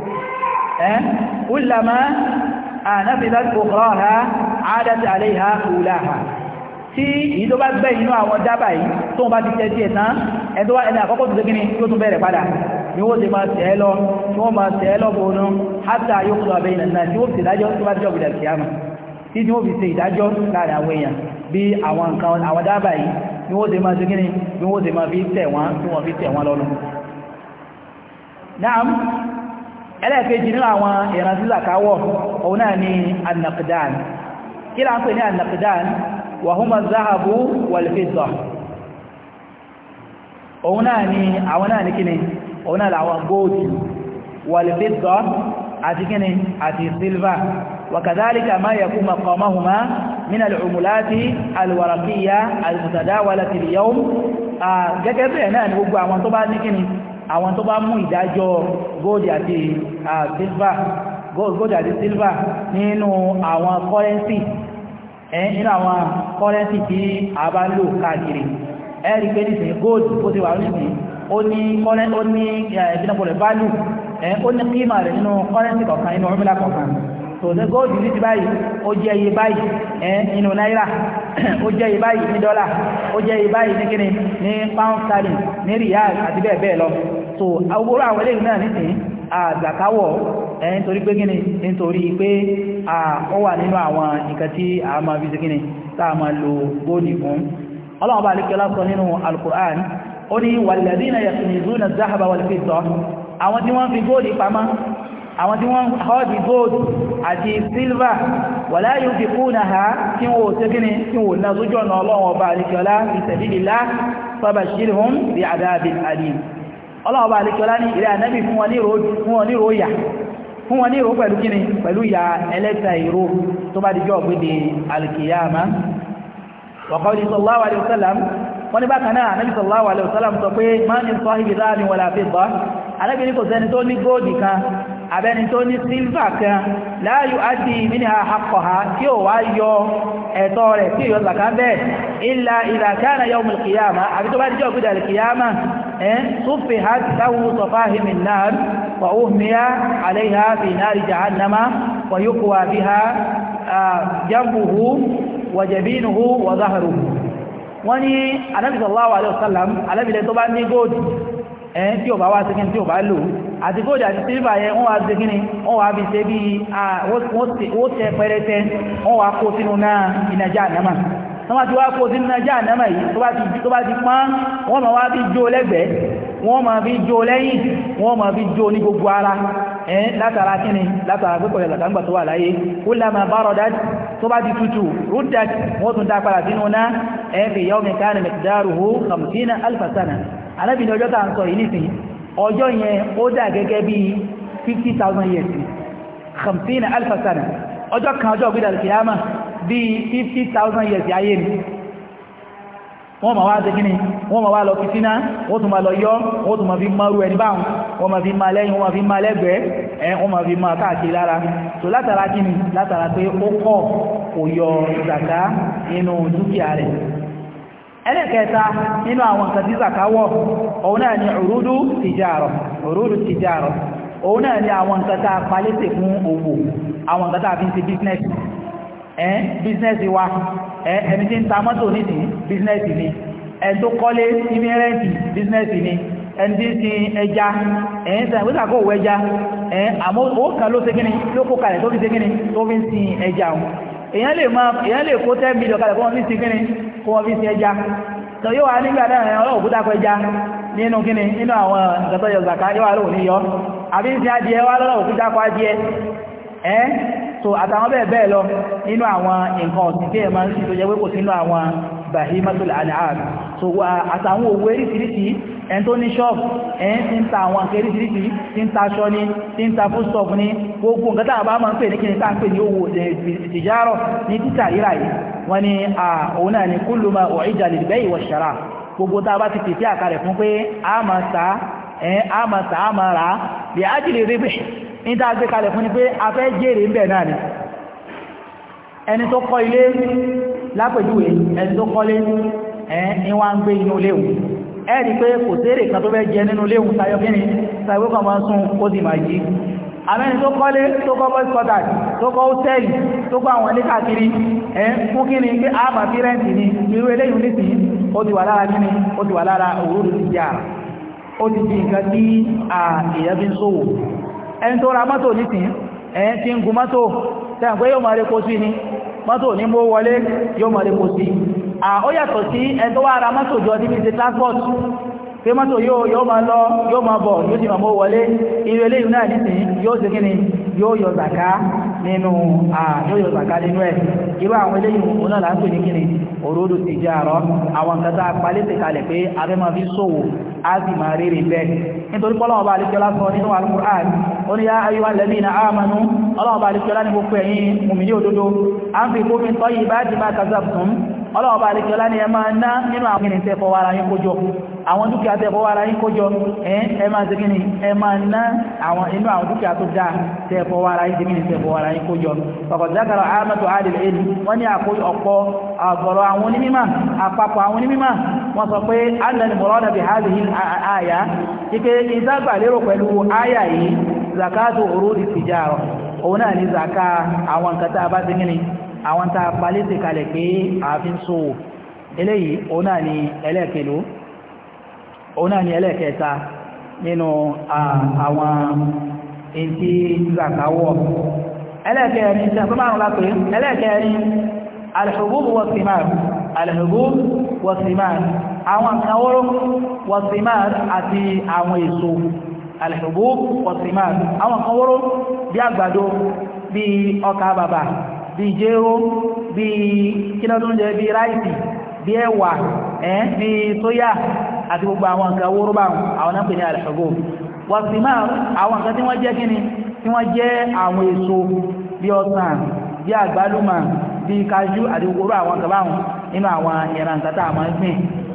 Eh? kullama nafidat ukhraha adat alayha ulaha tí èyí tó bá gbẹ́ inú àwọn dábà yìí tó bá ti tẹ́tí ẹ̀tán ẹ̀tọ́ wá ẹni àkọ́kọ́ tó tẹ́kíní tó tún bẹ̀rẹ̀ padà ni wọ́n ti máa tẹ́ lọ tí wọ́n máa tẹ́ lọ bónú hátà yóò kúrò àbẹ́ ìlànà tí wọ́n fi dájọ́ tó bá jọ́ gbìdàkì àmà tí wọ́n fi ṣe ìdájọ́ láàrin àwọn èèyàn bí àwọn nǹkan àwọn dábà yìí ni wọ́n ti máa ṣe kíní ni wọ́n ti máa fi tẹ̀ wọ́n tí wọ́n fi tẹ̀ wọ́n lọ́nu. Naam ẹlẹ́ẹ̀kejì nínú àwọn ìran sí zakawọ̀ òun náà ni annaqdan kí láà ń pè ní annaqdan wa huma zahabu wal fidda òun náà ni àwọn náà ní kíni òun náà làwọn góòdì wal àti kíni àti silver وكذلك ما يكون مقامهما من العملات الورقية المتداولة اليوم gẹ́gẹ́ bẹ́ẹ̀ náà ni gbogbo àwọn tó bá ní kíni àwọn tó bá mú ìdájọ́ gold àti silver gold àti silver nínú àwọn currency nínú àwọn currency tí a bá lò káàkiri ẹ rí pé nísìnyí gold ó ti wà nísìnyí ó ní currency ó ní ìdínàpọ̀lẹ̀ value ó ní kíma rẹ̀ nínú currency kọ̀ọ̀kan nínú orílẹ̀ kọ̀ọ̀kan tòṣe góòdù ní ti báyìí ó jẹ́ iye báyìí ẹ̀ nínú náírà ó jẹ́ iye báyìí ní dọ́là ó jẹ́ iye báyìí ní kíni ní pound sterling ní riyal àti bẹ́ẹ̀ bẹ́ẹ̀ lọ so agbóró àwọn eléyìí náà nìsín àgbàkáwọ̀ ẹ̀ nítorí pé gíní nítorí pé ó wà nínú àwọn nǹkan tí a máa fi gíní tá a máa lo góòdì fún ọlọ́run bá alékẹ́lá sọ nínú alukur'an ó ní wàlẹ́dínà yàtùnìzúnà záhàbà wàlẹ́fẹ́sọ́ àwọn tí ọlọ́ọ̀bá alikọ́lá ní ilẹ̀ ànábì fún wọn ní ròyà fún wọn ní rò pẹ̀lú kíni pẹ̀lú ya ẹlẹ́ta ìró tó bá dìjọ́ ọ̀gbẹ́dẹ̀ alkiyama wàkọ́lì sallallahu alaihi wasallam wọ́n ní bákan náà anábì sallallahu alaihi wasallam sọ pé má ní sọ ibi láàrin wọ̀lá fi bọ́ anábì ní kò sẹ́ni tó ní góòdì kan abẹ́ni tó ní sílvà kan la yu'addi minha haqqaha tí ó wá yọ ẹ̀tọ́ rẹ̀ tí yọ zaka bẹ́ẹ̀ illa idha kana yawm àbí tó bá dìjọ́ ọ̀gbẹ́dẹ̀ alkiyama صفحت له صفاهم النار وأهمي عليها في نار جهنم ويقوى بها جنبه وجبينه وظهره wọ́n ní anábìsọ̀láwà alẹ́sọ̀lám alábìlẹ̀ tó bá ní góòdì ẹ̀yìn tí ó bá wá síkín tí ó bá lò àti góòdì àti sílífà yẹn wọ́n wá síkín wọ́n wá bí ṣe bí wọ́n tẹ pẹrẹsẹ wọ́n wá kó sínú náà ìnàjà náà tó bá ti wá kó sínú jahannama yìí tó bá ti pán wọ́n ma wá fi jó lẹ́gbẹ̀ẹ́ wọ́n ma fi jó lẹ́yìn wọ́n ma fi jó ní gbogbo ara ẹ̀ látara kíni látara pípọ̀ ìlàtà ń gbà tó wà láyé kullama baradat tó bá ti tutù ruddat wọ́n tún dá padà sínú náà ẹ̀ fi yawmin kana miqdaruhu khamsina alábìnrin ọjọ́ tàà ń sọ yìí nìsìn ọjọ́ yẹn ó dà gẹ́gẹ́ bí 50,000 years 50 alfa ọjọ́ kan ọjọ́ gbídà kìyàmà bíi fifty thousand years ayé ni wọ́n ma wá ṣe kí ni wọ́n ma wá lọ fìtínà wọ́n tún ma lọ yọ́ wọ́n tún ma fi máa rú ẹni báwọn wọ́n ma fi máa lẹ́yìn wọ́n ma fi máa lẹ́gbẹ̀ẹ́ ẹ̀ wọ́n ma fi máa káàkiri lára tó látara kí ni látara pé ó kọ̀ kò yọ zàká nínú dúkìá rẹ̀ ẹlẹ́kẹta nínú àwọn nǹkan tí zàká wọ̀ ni òrúdú tìjàrọ̀ òrúdú tìjàrọ̀ òun náà ni àwọn ẹ́ bísínẹ́sì wa ẹ́ ẹni tí ń ta mọ́tò nìdí bísínẹ́sì ni ẹni tó kọ́lé ìmírẹ́ǹtì bísínẹ́sì ni ẹni tí ń sin ẹja ẹ̀yìn sàn pé sàkó òwò ẹja ẹ̀ àmọ́ ó kàn ló ṣe kíni ló kó kalẹ̀ tó fi ṣe kíni tó fi ń sin ẹja òun èèyàn lè máa èèyàn lè kó ten million kalẹ̀ kó wọ́n fi sin kíni kó wọ́n fi sin ẹja tó yóò wá nígbà náà ọlọ́wọ́ kúta kọ ẹja nínú kíni nínú àwọn nǹkan tó yọ zàká yóò wá lóhùn níyọ àbí ń sin adìẹ wá lọ́wọ́ so àtàwọn bẹ́ẹ̀ bẹ́ẹ̀ lọ nínú àwọn nǹkan ọ̀sìn tí ẹ máa ń sì tó jẹ́ pé kò sínú àwọn bahimatul an'am so àtàwọn òwú eríṣiríṣi ẹni tó ní ṣọ́ọ̀bù ẹni tí ń ta àwọn nǹkan eríṣiríṣi tí ń ta aṣọ ní tí ń ta foodstuff ní gbogbo nǹkan tá a bá máa ń pè ní ní tá a gbé kalẹ̀ fún ni pé a fẹ́ jèrè ń bẹ̀ náà ni ẹni tó kọ́ ilé lápèjúwe ẹni tó kọ́lé ẹni wá ń gbé inú léwu ẹ̀rí pé kò sérè kan tó fẹ́ jẹ nínú léwu sayọ kíni sayọ kan máa sún ó sì máa jí àmẹ́ni tó kọ́lé tó kọ́ boys quarter tó kọ́ hòtẹ́ẹ̀lì tó kọ́ àwọn ilé káàkiri ẹ̀ fún kíni pé àbà ni irú eléyìí nísìnyí ó ti wà lára kíni ó ti wà lára òwúrò ti jẹ́ àrà ó ti di nǹkan tí èèyàn fi ń ṣòwò ẹni tó ra mọ́tò ní tìí ẹ̀yẹn ti ń gun mọ́tò tẹ́yàn pé yóò máa rí kó sí ni mọ́tò ní mọ́ wọlé yóò máa rí kó sí ó yàtọ̀ sí ẹni tó wá ra mọ́tò jọ níbi ti transport pé mọ́tò yóò máa lọ yóò máa bọ̀ yóò sì máa a palẹ́ ti kalẹ̀ pé abẹ́ máa fi ṣòwò á sì máa rere bẹ́ẹ̀ nítorí pọ́lọ́wọ́ bá alẹ́ jọlá sọ nínú Al-Qur'an ó ní yá ayúwà lẹ́bí na ámànú ọlọ́ọ̀bà alìkọ́lá ní gbogbo ẹ̀yìn mùmìnì òdodo a ń fi kó mi tọ́ yìí bá ti máa kazabtum ọlọ́ọ̀bá àríkẹ́lá ni ẹ máa ná nínú àwọn ìrìn tẹ́ fọwọ́ ara yín kójọ àwọn dúkìá tẹ́ fọwọ́ ara yín kójọ ẹ máa ṣe gíní ẹ máa ná àwọn inú àwọn dúkìá tó dáa tẹ́ fọwọ́ ara yín gíní tẹ́ fọwọ́ ara yín kójọ ọkọ̀dákàrọ̀ àmàtò àdìlẹ̀ èlú wọ́n ní àkójọ ọ̀pọ̀ àgbọ̀rọ̀ àwọn onímímà òun náà ní zaka àwọn nǹkan tá a bá ti gíní àwọn tá a palése kalẹ̀ pé ààfin sówò eléyìí òun náà ni ẹlẹ́ẹ̀kẹlú òun náà ni ẹlẹ́ẹ̀kẹta nínú àwọn èyí zakawọ́ ẹlẹ́ẹ̀kẹrin sẹ́fẹ́ márùn lápé ẹlẹ́ẹ̀kẹrin alhubub wasimar alhubub wasimar àwọn kawọ́rọ̀ wasimar àti àwọn èso alhubub wasimar àwọn bíi jéró bíi kílọ́dúnjẹ bíi ráìsì bíi ẹ̀wà ẹ̀ bíi tóyà àti gbogbo àwọn nǹkan wóró bá àwọn náà pè ní àlẹ́fẹ̀gò wọ́n sì máa àwọn nǹkan tí wọ́n jẹ́ kí ni tí wọ́n jẹ́ àwọn èso bíi ọsàn bíi àgbálùmọ̀ bíi kájú àti gbogbo àwọn nǹkan báwọn nínú àwọn ìran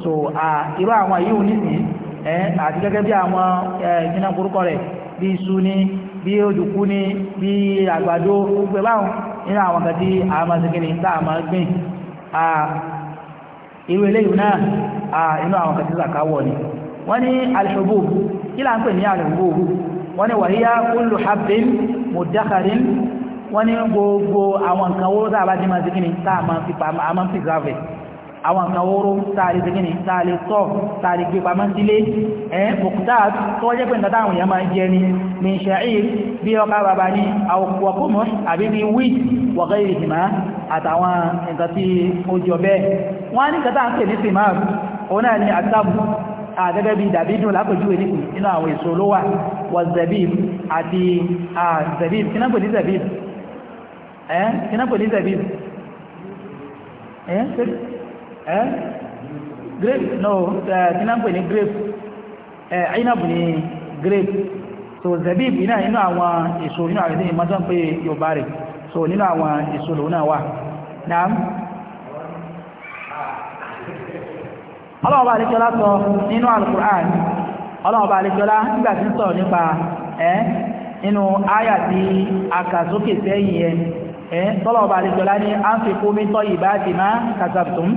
so irú àwọn yìí ò nísìnyí àti gẹ́gẹ́ bí àwọn ìjìnà kúrúkọ rẹ̀ bí iṣu ni bí òjòkú ni bí àgbàdo gbogbo nínú àwọn kan tí a máa ṣe kíni tá a máa gbìn irú eléyìí náà inú àwọn kan tí zaka wọ̀ ni wọ́n ní alhubub kí là ń pè ní alhubub wọ́n ní wàhíyá kullu habbin mudakharin wọ́n ní gbogbo àwọn nǹkan owó pa a máa àwọn nǹkan oró táàrí ti gíní táàrí tọ́ táàrí gbé pamọ́ sílé ẹ́ mọ̀kútà tó jẹ́ pé nǹkan àwọn èèyàn máa jẹ ni min sha'ir bí ọkà bàbá ní àwọ̀kùwàkùnmọ̀ àbí bí wí wọ̀gẹ́ ìrìnà àtàwọn nǹkan tí ó jọ bẹ́ẹ̀ wọ́n ní kẹta ń pè ní simar òun náà ni àtàbù àgẹ́gẹ́ bí dàbídùn lápẹjú ènìkù nínú ẹ́ kí ẹ́ eh? grape no tinapu eh, ni grape ẹ̀ eh, ni grape so zabib iná inu awon èso inú so awon na naam sọ nínú al-Qur'an ọlọ́ọ̀bá àríkọlá nígbà tí ń sọ nípa ẹ́ nínú tí a kà sókè sẹ́yìn ẹ ẹ́ ní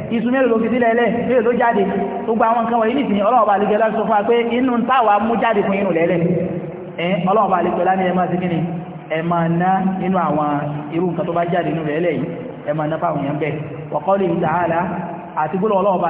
iṣu mélòó ló fi sílẹ̀ ẹlẹ́ mélòó ló jáde gbogbo àwọn nǹkan wọ̀nyí nìsín ọlọ́run ọba àlejò láti sọ fún wa pé inú táwa mú jáde fún inú lẹ́lẹ́ ẹ ọlọ́run ọba àlejò láti ẹ máa ti kíni ẹ máa ná nínú àwọn irú nǹkan tó bá jáde nínú lẹ́lẹ́ yìí ẹ máa ná fáwọn èèyàn bẹ́ẹ̀ wa qawli ta'ala àti gbọ́dọ̀ ọlọ́run ọba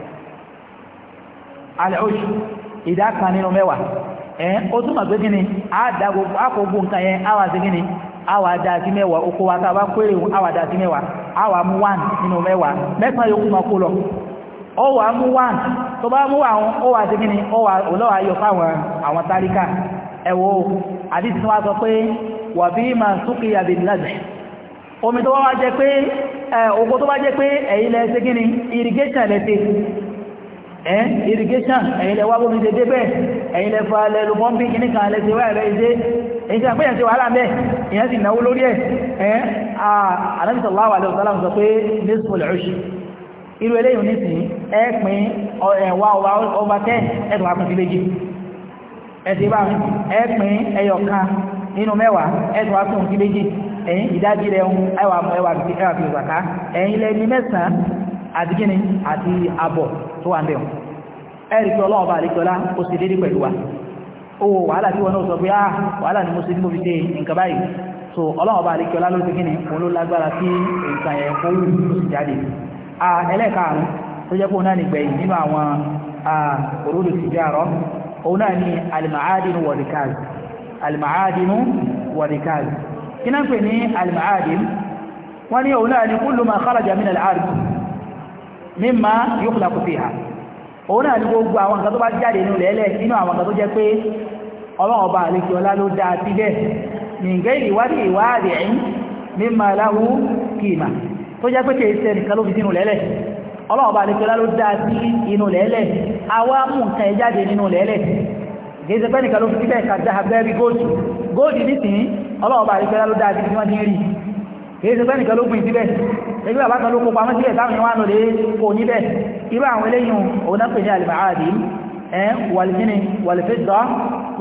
alẹ́ọ̀ṣù ìdá kan nínú mẹ́wàá ẹ̀ ó túnmọ̀ pé kíni àkógbó nǹkan yẹn àwà sí àwà oko wa tàbá péré àwà awa mẹ́wàá àwà mú wàn nínú mẹ́wàá mẹ́sàn yóò kúmọ̀ kó lọ ó mú wàn tó bá mú àwọn ó wà sí olówà yọ fáwọn àwọn tálíkà ẹ̀wọ́ wa ma omi tó bá wá jẹ pé ẹ̀ ẹ́n irrigation ẹ̀yìnlẹ̀ wá bóbi dédé bẹ́ẹ̀ ẹ̀yìnlẹ̀ fa lẹ́lu pọ́ǹpì kìíní kan lẹ́sẹ̀ wá ẹ̀rẹ́ ìṣe èyí tí a pẹ́yẹ̀ sí wàhálà mẹ́ ìyẹn sì náwó lórí ẹ̀ ẹ́n Ànábì sallallahu alaihi wasallam sọ pé nisful ushri irú eléyìí nísìn ẹ pín ẹ̀wà ọba tẹ́ ẹ̀dùn akùnfin méjì ẹ̀sìn bá ẹ pín ẹyọ kan nínú mẹ́wàá ẹ̀dùn akùnfin méjì àti gíní àti àbọ̀ tó wà mẹ́un ẹ̀rì tí ọlọ́wọ́ bá àríkọlá ó sì dédé pẹ̀lú wa owó wàhálà tí wọ́n náà sọ pé á ah, wàhálà ni mo sì ní mo fi dé nǹkan báyìí so ọlọ́wọ́ àríkọlá ló ti gíní òun ló lágbára sí nǹkan yẹn kó wù òun náà ni alìmàádínú wọ̀dìkáàzì alìmàádínú wọ̀dìkáàzì kí mímá yóò fìlà kò fi hà òun náà ní gbogbo àwọn nǹkan tó bá jáde nínú lẹ́lẹ̀ nínú àwọn nǹkan tó jẹ́ pé ọlọ́run ọba àlejò ọlá ló dáa sí bẹ́ẹ̀ nìgbẹ́ ìwádìí ìwádìí ẹ̀yìn mímá aláwú kìímà tó jẹ́ pé kìí sẹ́ nìkan ló fi sínú lẹ́lẹ̀ ọlọ́run ọba àlejò ọlá ló dáa sí inú lẹ́lẹ̀ àwa mú ẹ̀ jáde nínú lẹ́lẹ̀ kìí sẹ́ pé ló fi kìí ṣe pẹ́nìkan ló gbìn síbẹ̀ ẹgbẹ́ bàbá kan ló kó pamọ́ síbẹ̀ táwọn ìwọ̀n lòdì kò níbẹ̀ irú àwọn eléyìn òun náà pè ní alìbàáàdì ẹ̀ wàlìkíní wàlìfẹ́sọ́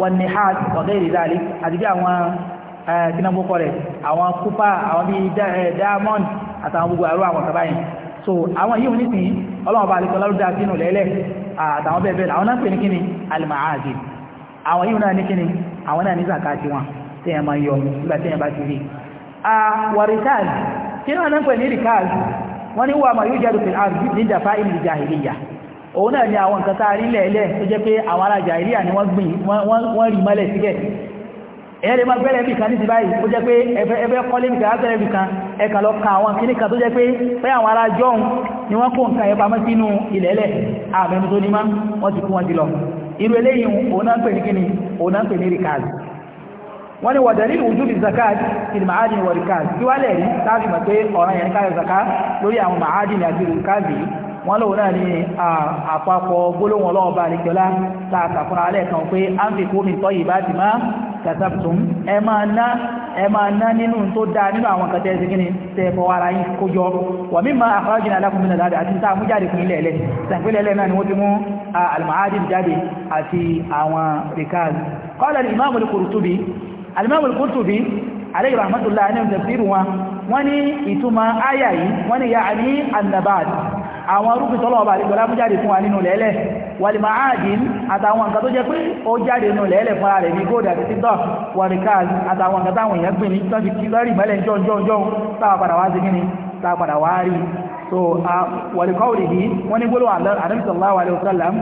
wàlìníhàd ọ̀gẹ́ ìrìdàlì àti bí àwọn kínàmókọ rẹ̀ àwọn kúpà àwọn bíi diamond àtàwọn gbogbo àrò àwọn kàbáyìn so àwọn yìí ní sìn ọlọ́wọ́n bá alìkọ́ lárúdá sínú lẹ́lẹ̀ àtàwọn bẹ́ẹ̀ bẹ́ẹ̀ àwọn náà pè ní kíni alìmàáàdì àwọn yìí náà ní kíni àwọn náà ní zakati wọn tẹ́yàn وركاز كنا ننقل ركاز wọ́n ní wà máa yóò jẹ́rù fi àrùn ní ìjàfá ìlú ni àwọn nǹkan tá a rí ni wọ́n gbìn wọ́n rí mọ́lẹ̀ síbẹ̀ ẹ̀yẹ́ lè máa gbẹ́lẹ̀ bí kan ní ti báyìí ó jẹ́ pé ẹgbẹ́ kọ́lé bí kan ágbẹ́lẹ̀ bí kan ẹ̀kà lọ ka ni wọ́n kó nǹkan ẹpamọ́ sínú ilẹ̀ẹ́lẹ̀ àmẹ́nu tó ní má wọ́n ti kú wọn ti lọ irú eléyìí òun wọ́n ní wàdàlí ìwùjúbi zakat ìlú màádìní wà rìkáàz kí wá lẹ́rí láti mọ̀ pé ọ̀ràn yẹn káyọ̀ zakat lórí àwọn màádìní àti rìkáàz yìí wọ́n lòun náà ní àpapọ̀ gbólóhùn ọlọ́run bá láàkà fúnra alẹ́ kan pé a ń fi kó mi tọ́yì bá ti máa kàtàkùtùm ẹ máa ná ẹ máa ná nínú tó dáa nínú àwọn kẹtẹ́ ẹ̀sìn kíni tẹ́ fọwọ́ ara yín kó jọ wà mí máa àfárájìnà alákùnrin náà dáadáa àti tá a fún ilẹ̀ ẹ̀lẹ́ sàpẹ́lẹ̀ ẹ̀lẹ́ náà ni wọ́n ti mú almahadin jáde àti àwọn rikaz qala al-imam al-qurtubi Al-Imam Al-Qurtubi alayhi rahmatullah ní tafsir wọn wọ́n ní ìtumọ̀ áyà yìí wọ́n ní yà ní annabat àwọn arúgbìn tọ́lọ̀ ọba àríkọ̀ lábújáde fún wa nínú lẹ́lẹ̀ wàlìmọ̀ áàdìn àtàwọn nǹkan tó jẹ́ pé ó jáde nínú lẹ́lẹ̀ fún ààrẹ ní góòdà àti títọ́ wàríkàl àtàwọn nǹkan táwọn èèyàn gbìn ní tọ́jú kí lọ́rì mẹ́lẹ̀ jọ́njọ́njọ́ táwa padà wá sí kíni táwa padà so wàlìkọ́wìrì yìí wọ́n ní gbólóhùn ànábì sallallahu alaihi wasallam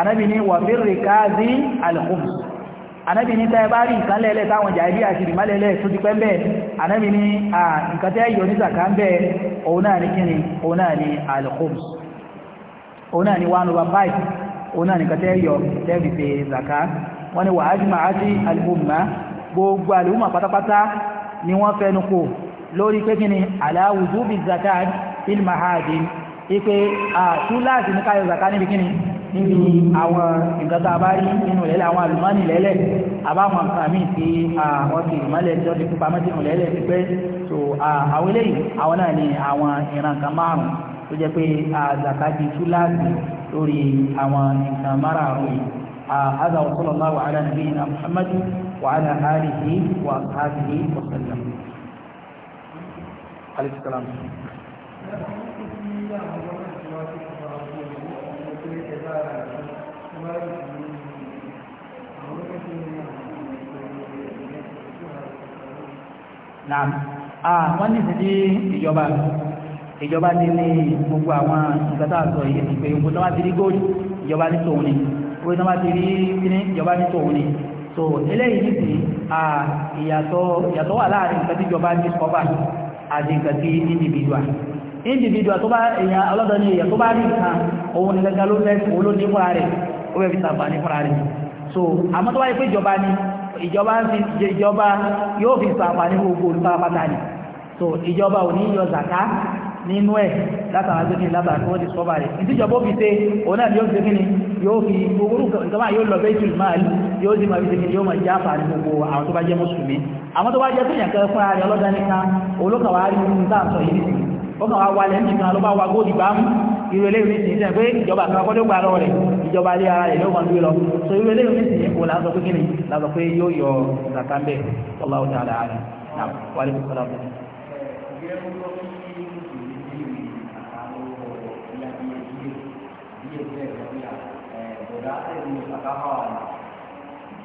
ànábì ní wàfíìrì káàzí al-khums anábì ní tẹ́ bá rí nǹkan lẹ́lẹ́ táwọn jàìrí àti ìmálẹ́lẹ́ tó ti pẹ́ bẹ́ẹ̀ anábì ní à nǹkan tẹ́ yọ ní zaka ń bẹ́ẹ̀ òun náà ní kíni òun náà ní al-khums òun náà ní one over five òun náà ní nǹkan tẹ́ yọ tẹ́bì pé zaka wọ́n ní wàhálìmọ̀ àti al níbi àwọn nǹkan tá a bá rí nínú lẹ́lẹ̀ àwọn àlùmọ́nì lẹ́lẹ̀ àbáwọn nǹkan míì tí àwọn ti ìmọ́lẹ̀ tí wọ́n ti pupa mọ́ sínú lẹ́lẹ̀ ti pẹ́ so àwọn eléyìí àwọn náà ni àwọn ìran nǹkan márùn tó jẹ́ pé àzàkájì túláàsì lórí àwọn nǹkan márùn-ún yìí هذا وصلى الله على نبينا محمد وعلى آله وأصحابه وسلم عليه السلام Nàà, àà wọ́n ní ìsìdí ìjọba ìjọba ní ní gbogbo àwọn ìgbàtà àtọ̀ yìí pé ogun tó bá ti rí góòlù ìjọba ní tòun ni ogun tó bá ti rí kíní ìjọba ní tòun ni so eléyìí ní sí ìyàtọ̀ wà láàrin nǹkan tí ìjọba ní kọ́bà àti nǹkan tí individual tó bá èèyàn ọlọ́dọ̀ ní èèyàn tó bá rí nǹkan òun ní gẹ́gẹ́ ló fẹ́ òun ló ní fúnra rẹ̀ ó fẹ́ fi sàǹfààní fúnra rẹ̀ so àmọ́ tó bá yẹ pé ìjọba ni ìjọba ìjọba yóò fi sàǹfààní gbogbo olùfarapátá ni so ìjọba ò ní yọ zàká nínú ẹ̀ látara tó ní látara tó ti sọ́bà rẹ̀ ìdíjọba ó fi ṣe òun náà yóò fi kíni yóò fi gbogbo nǹkan máa yóò lọ bẹ́ẹ̀ tù máa yóò sì máa fi ṣe kíni yóò máa jáfà ní gbogbo àwọn tó ọkàn wa wálẹ̀ nìkan ló bá wa góòdì bá mú irú eléyìí ní sìn pé ìjọba kan kọ́ ló gbà lọ rẹ̀ ìjọba lé ara rẹ̀ lọ́wọ́ lórí lọ so irú eléyìí ní sìn kò láǹsọ pé kíni láǹsọ pé yóò yọ ìsàkà mbẹ ọlá ọjà àlà rẹ̀ náà wálé kókó láwùjọ.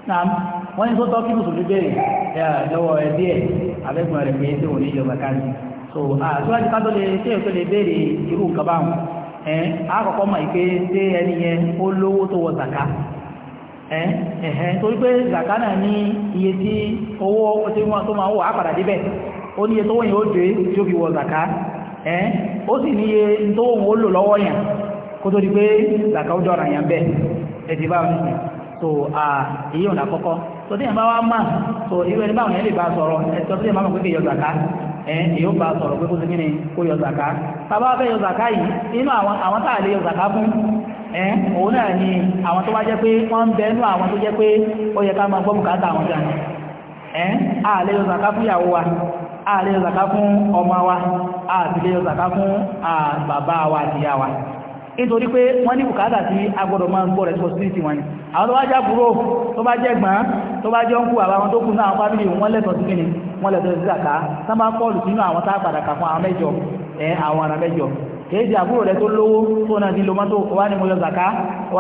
naam wọ́n ní tó tọ́ kí mùsùlùmí bẹ̀rẹ̀ lọ́wọ́ ẹ̀ díẹ̀ abẹ́gun rẹ̀ pé tí òun ní ìjọba káàdì so àtúwájú ah, ká tó lè tí èkó lè béèrè irú nǹkan báwọn ẹ̀ àkọ́kọ́ ma ìpé tí ẹni yẹn ó lówó tó wọ zaka ẹ̀ ẹ̀hẹ́ torí zaka náà ní iye tí owó tí wọ́n tó àpàdà ó ní iye tó wọ́n yóò dé tí ó fi zaka ó sì ní iye so èyí ọ̀nà àkọ́kọ́ so tí ìyàmbá wa mà so irú ẹni báwọn yẹn lè bá sọ̀rọ̀ ẹ̀tọ́ tí ìyàmbá mọ̀ pé kí yọ zàká ẹ̀ èyí ó bá sọ̀rọ̀ pé kó ti kíni kó yọ zàká bàbá wa fẹ́ yọ zàká yìí nínú àwọn àwọn tá à lè yọ zàká fún ẹ̀ òun náà ni àwọn tó bá jẹ́ pé wọ́n ń bẹ nú àwọn tó jẹ́ pé ó yẹ ká máa gbọ́ bùkátà àwọn jà ẹ̀ à lè yọ zàká fún ìyàwó wa à lè yọ zàká fún ọmọ wa à sì lè yọ zàká fún bàbá wa àti ìyá wa nítorí pé wọ́n ní bùkátà tí agbọ́dọ̀ máa ń gbọ́ responsibility wọn ni àwọn tó bá jẹ́ àbúrò tó bá jẹ́ gbọ́n tó bá jẹ́ ọkù àwọn tó kù náà fámìlì wọ́n lẹ́tọ̀ọ́ sí kíni wọ́n lẹ́tọ̀ọ́ sí àká sábà kọlù sínú àwọn tá padà kà fún àwọn mẹ́jọ ẹ àwọn ará mẹ́jọ kìí di àbúrò rẹ tó lówó tó náà ti lo mọ́tò ní mo yọ zàká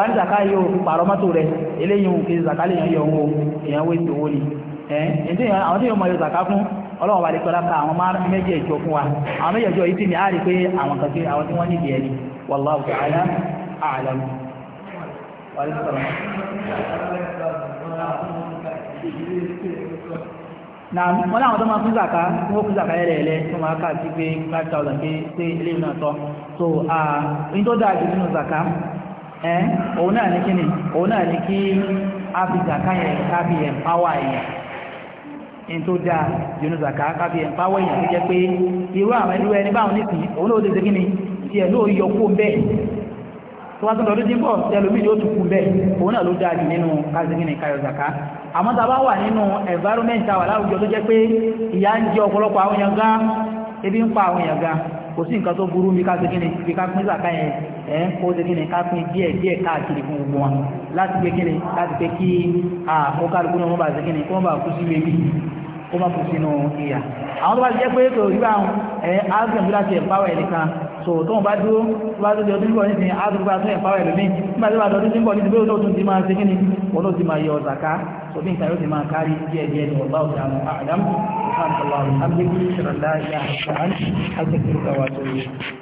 ní zàká yóò pààrọ̀ mọ́tò rẹ eléyìí òun kìí lè yàn yọ òun èèyàn wé ìṣòwò ni ẹ ẹ àwọn tí yóò mọ yọ fún ọlọ́wọ́ wàlẹ̀ tọ́lá ka àwọn márùn méjì ẹ̀jọ fún wa àwọn méjì ẹ̀jọ yìí sì ní àárí pé àwọn kan àwọn tí wọ́n wallahu ta'ala a'lam na wọ́n láwọn tó máa fún zaka tí wọ́n fún zaka ẹ̀rẹ̀ ẹ̀lẹ́ tó máa ká sí pé pé pé ilé náà tọ́ so tó dáa jù nínú zaka òun náà ní òun náà ní kí a fi zaka yẹn ká fi ìtòjà jùnúzàká káfí ẹ̀páwọ́ èèyàn tó jẹ́ pé irú àwọn ẹlú ẹni báwọn ní sìn òun ló dédé gíní tí ẹ̀ lóò yọ kó bẹ́ẹ̀ tó wá tọ́jú dínkọ̀ tí ẹlú mídíò tó kú bẹ́ẹ̀ òun náà ló dáa jù nínú káfí gíní káyọ̀ zàká àmọ́ ta bá wà nínú environment àwàlárugbọ́ tó jẹ́ pé ìyá ń jẹ́ ọ̀pọ̀lọpọ̀ àwọn èèyàn gan ebi ń pa àwọn èèyàn gan kò sí nǹkan tó burú bí ká sékíní bí ká pín zaka yẹn ẹ̀ ń kó sékíní ká pín díẹ̀ díẹ̀ káàkiri fún gbogbo wọn láti pé kíni láti pé kí ó kálukú náà wọ́n bá sékíní kó wọ́n bá kú sí lébi kó má kú sínú ìyà àwọn tó bá ti pé kò rí bá ẹ̀ á gbìyànjú láti ẹ̀ so tó wọn bá dúró tó bá tó di ọdún bọ̀ ní ìsìn àdúgbò àtúnyẹ̀ fáwọn ẹlòmíì nígbà tó bá di ọdún bọ̀ ní ìsìn pé ó tún ti máa ṣe kíni wọn ó ti máa yọ ọ̀sàká so bí nǹkan yóò ti máa kárí díẹ̀ díẹ̀ ní ọ̀gbá ọ̀sẹ̀ àwọn àdám alhamdulilayi ṣàlàyé àṣà àti àṣà àti àṣà àti àṣà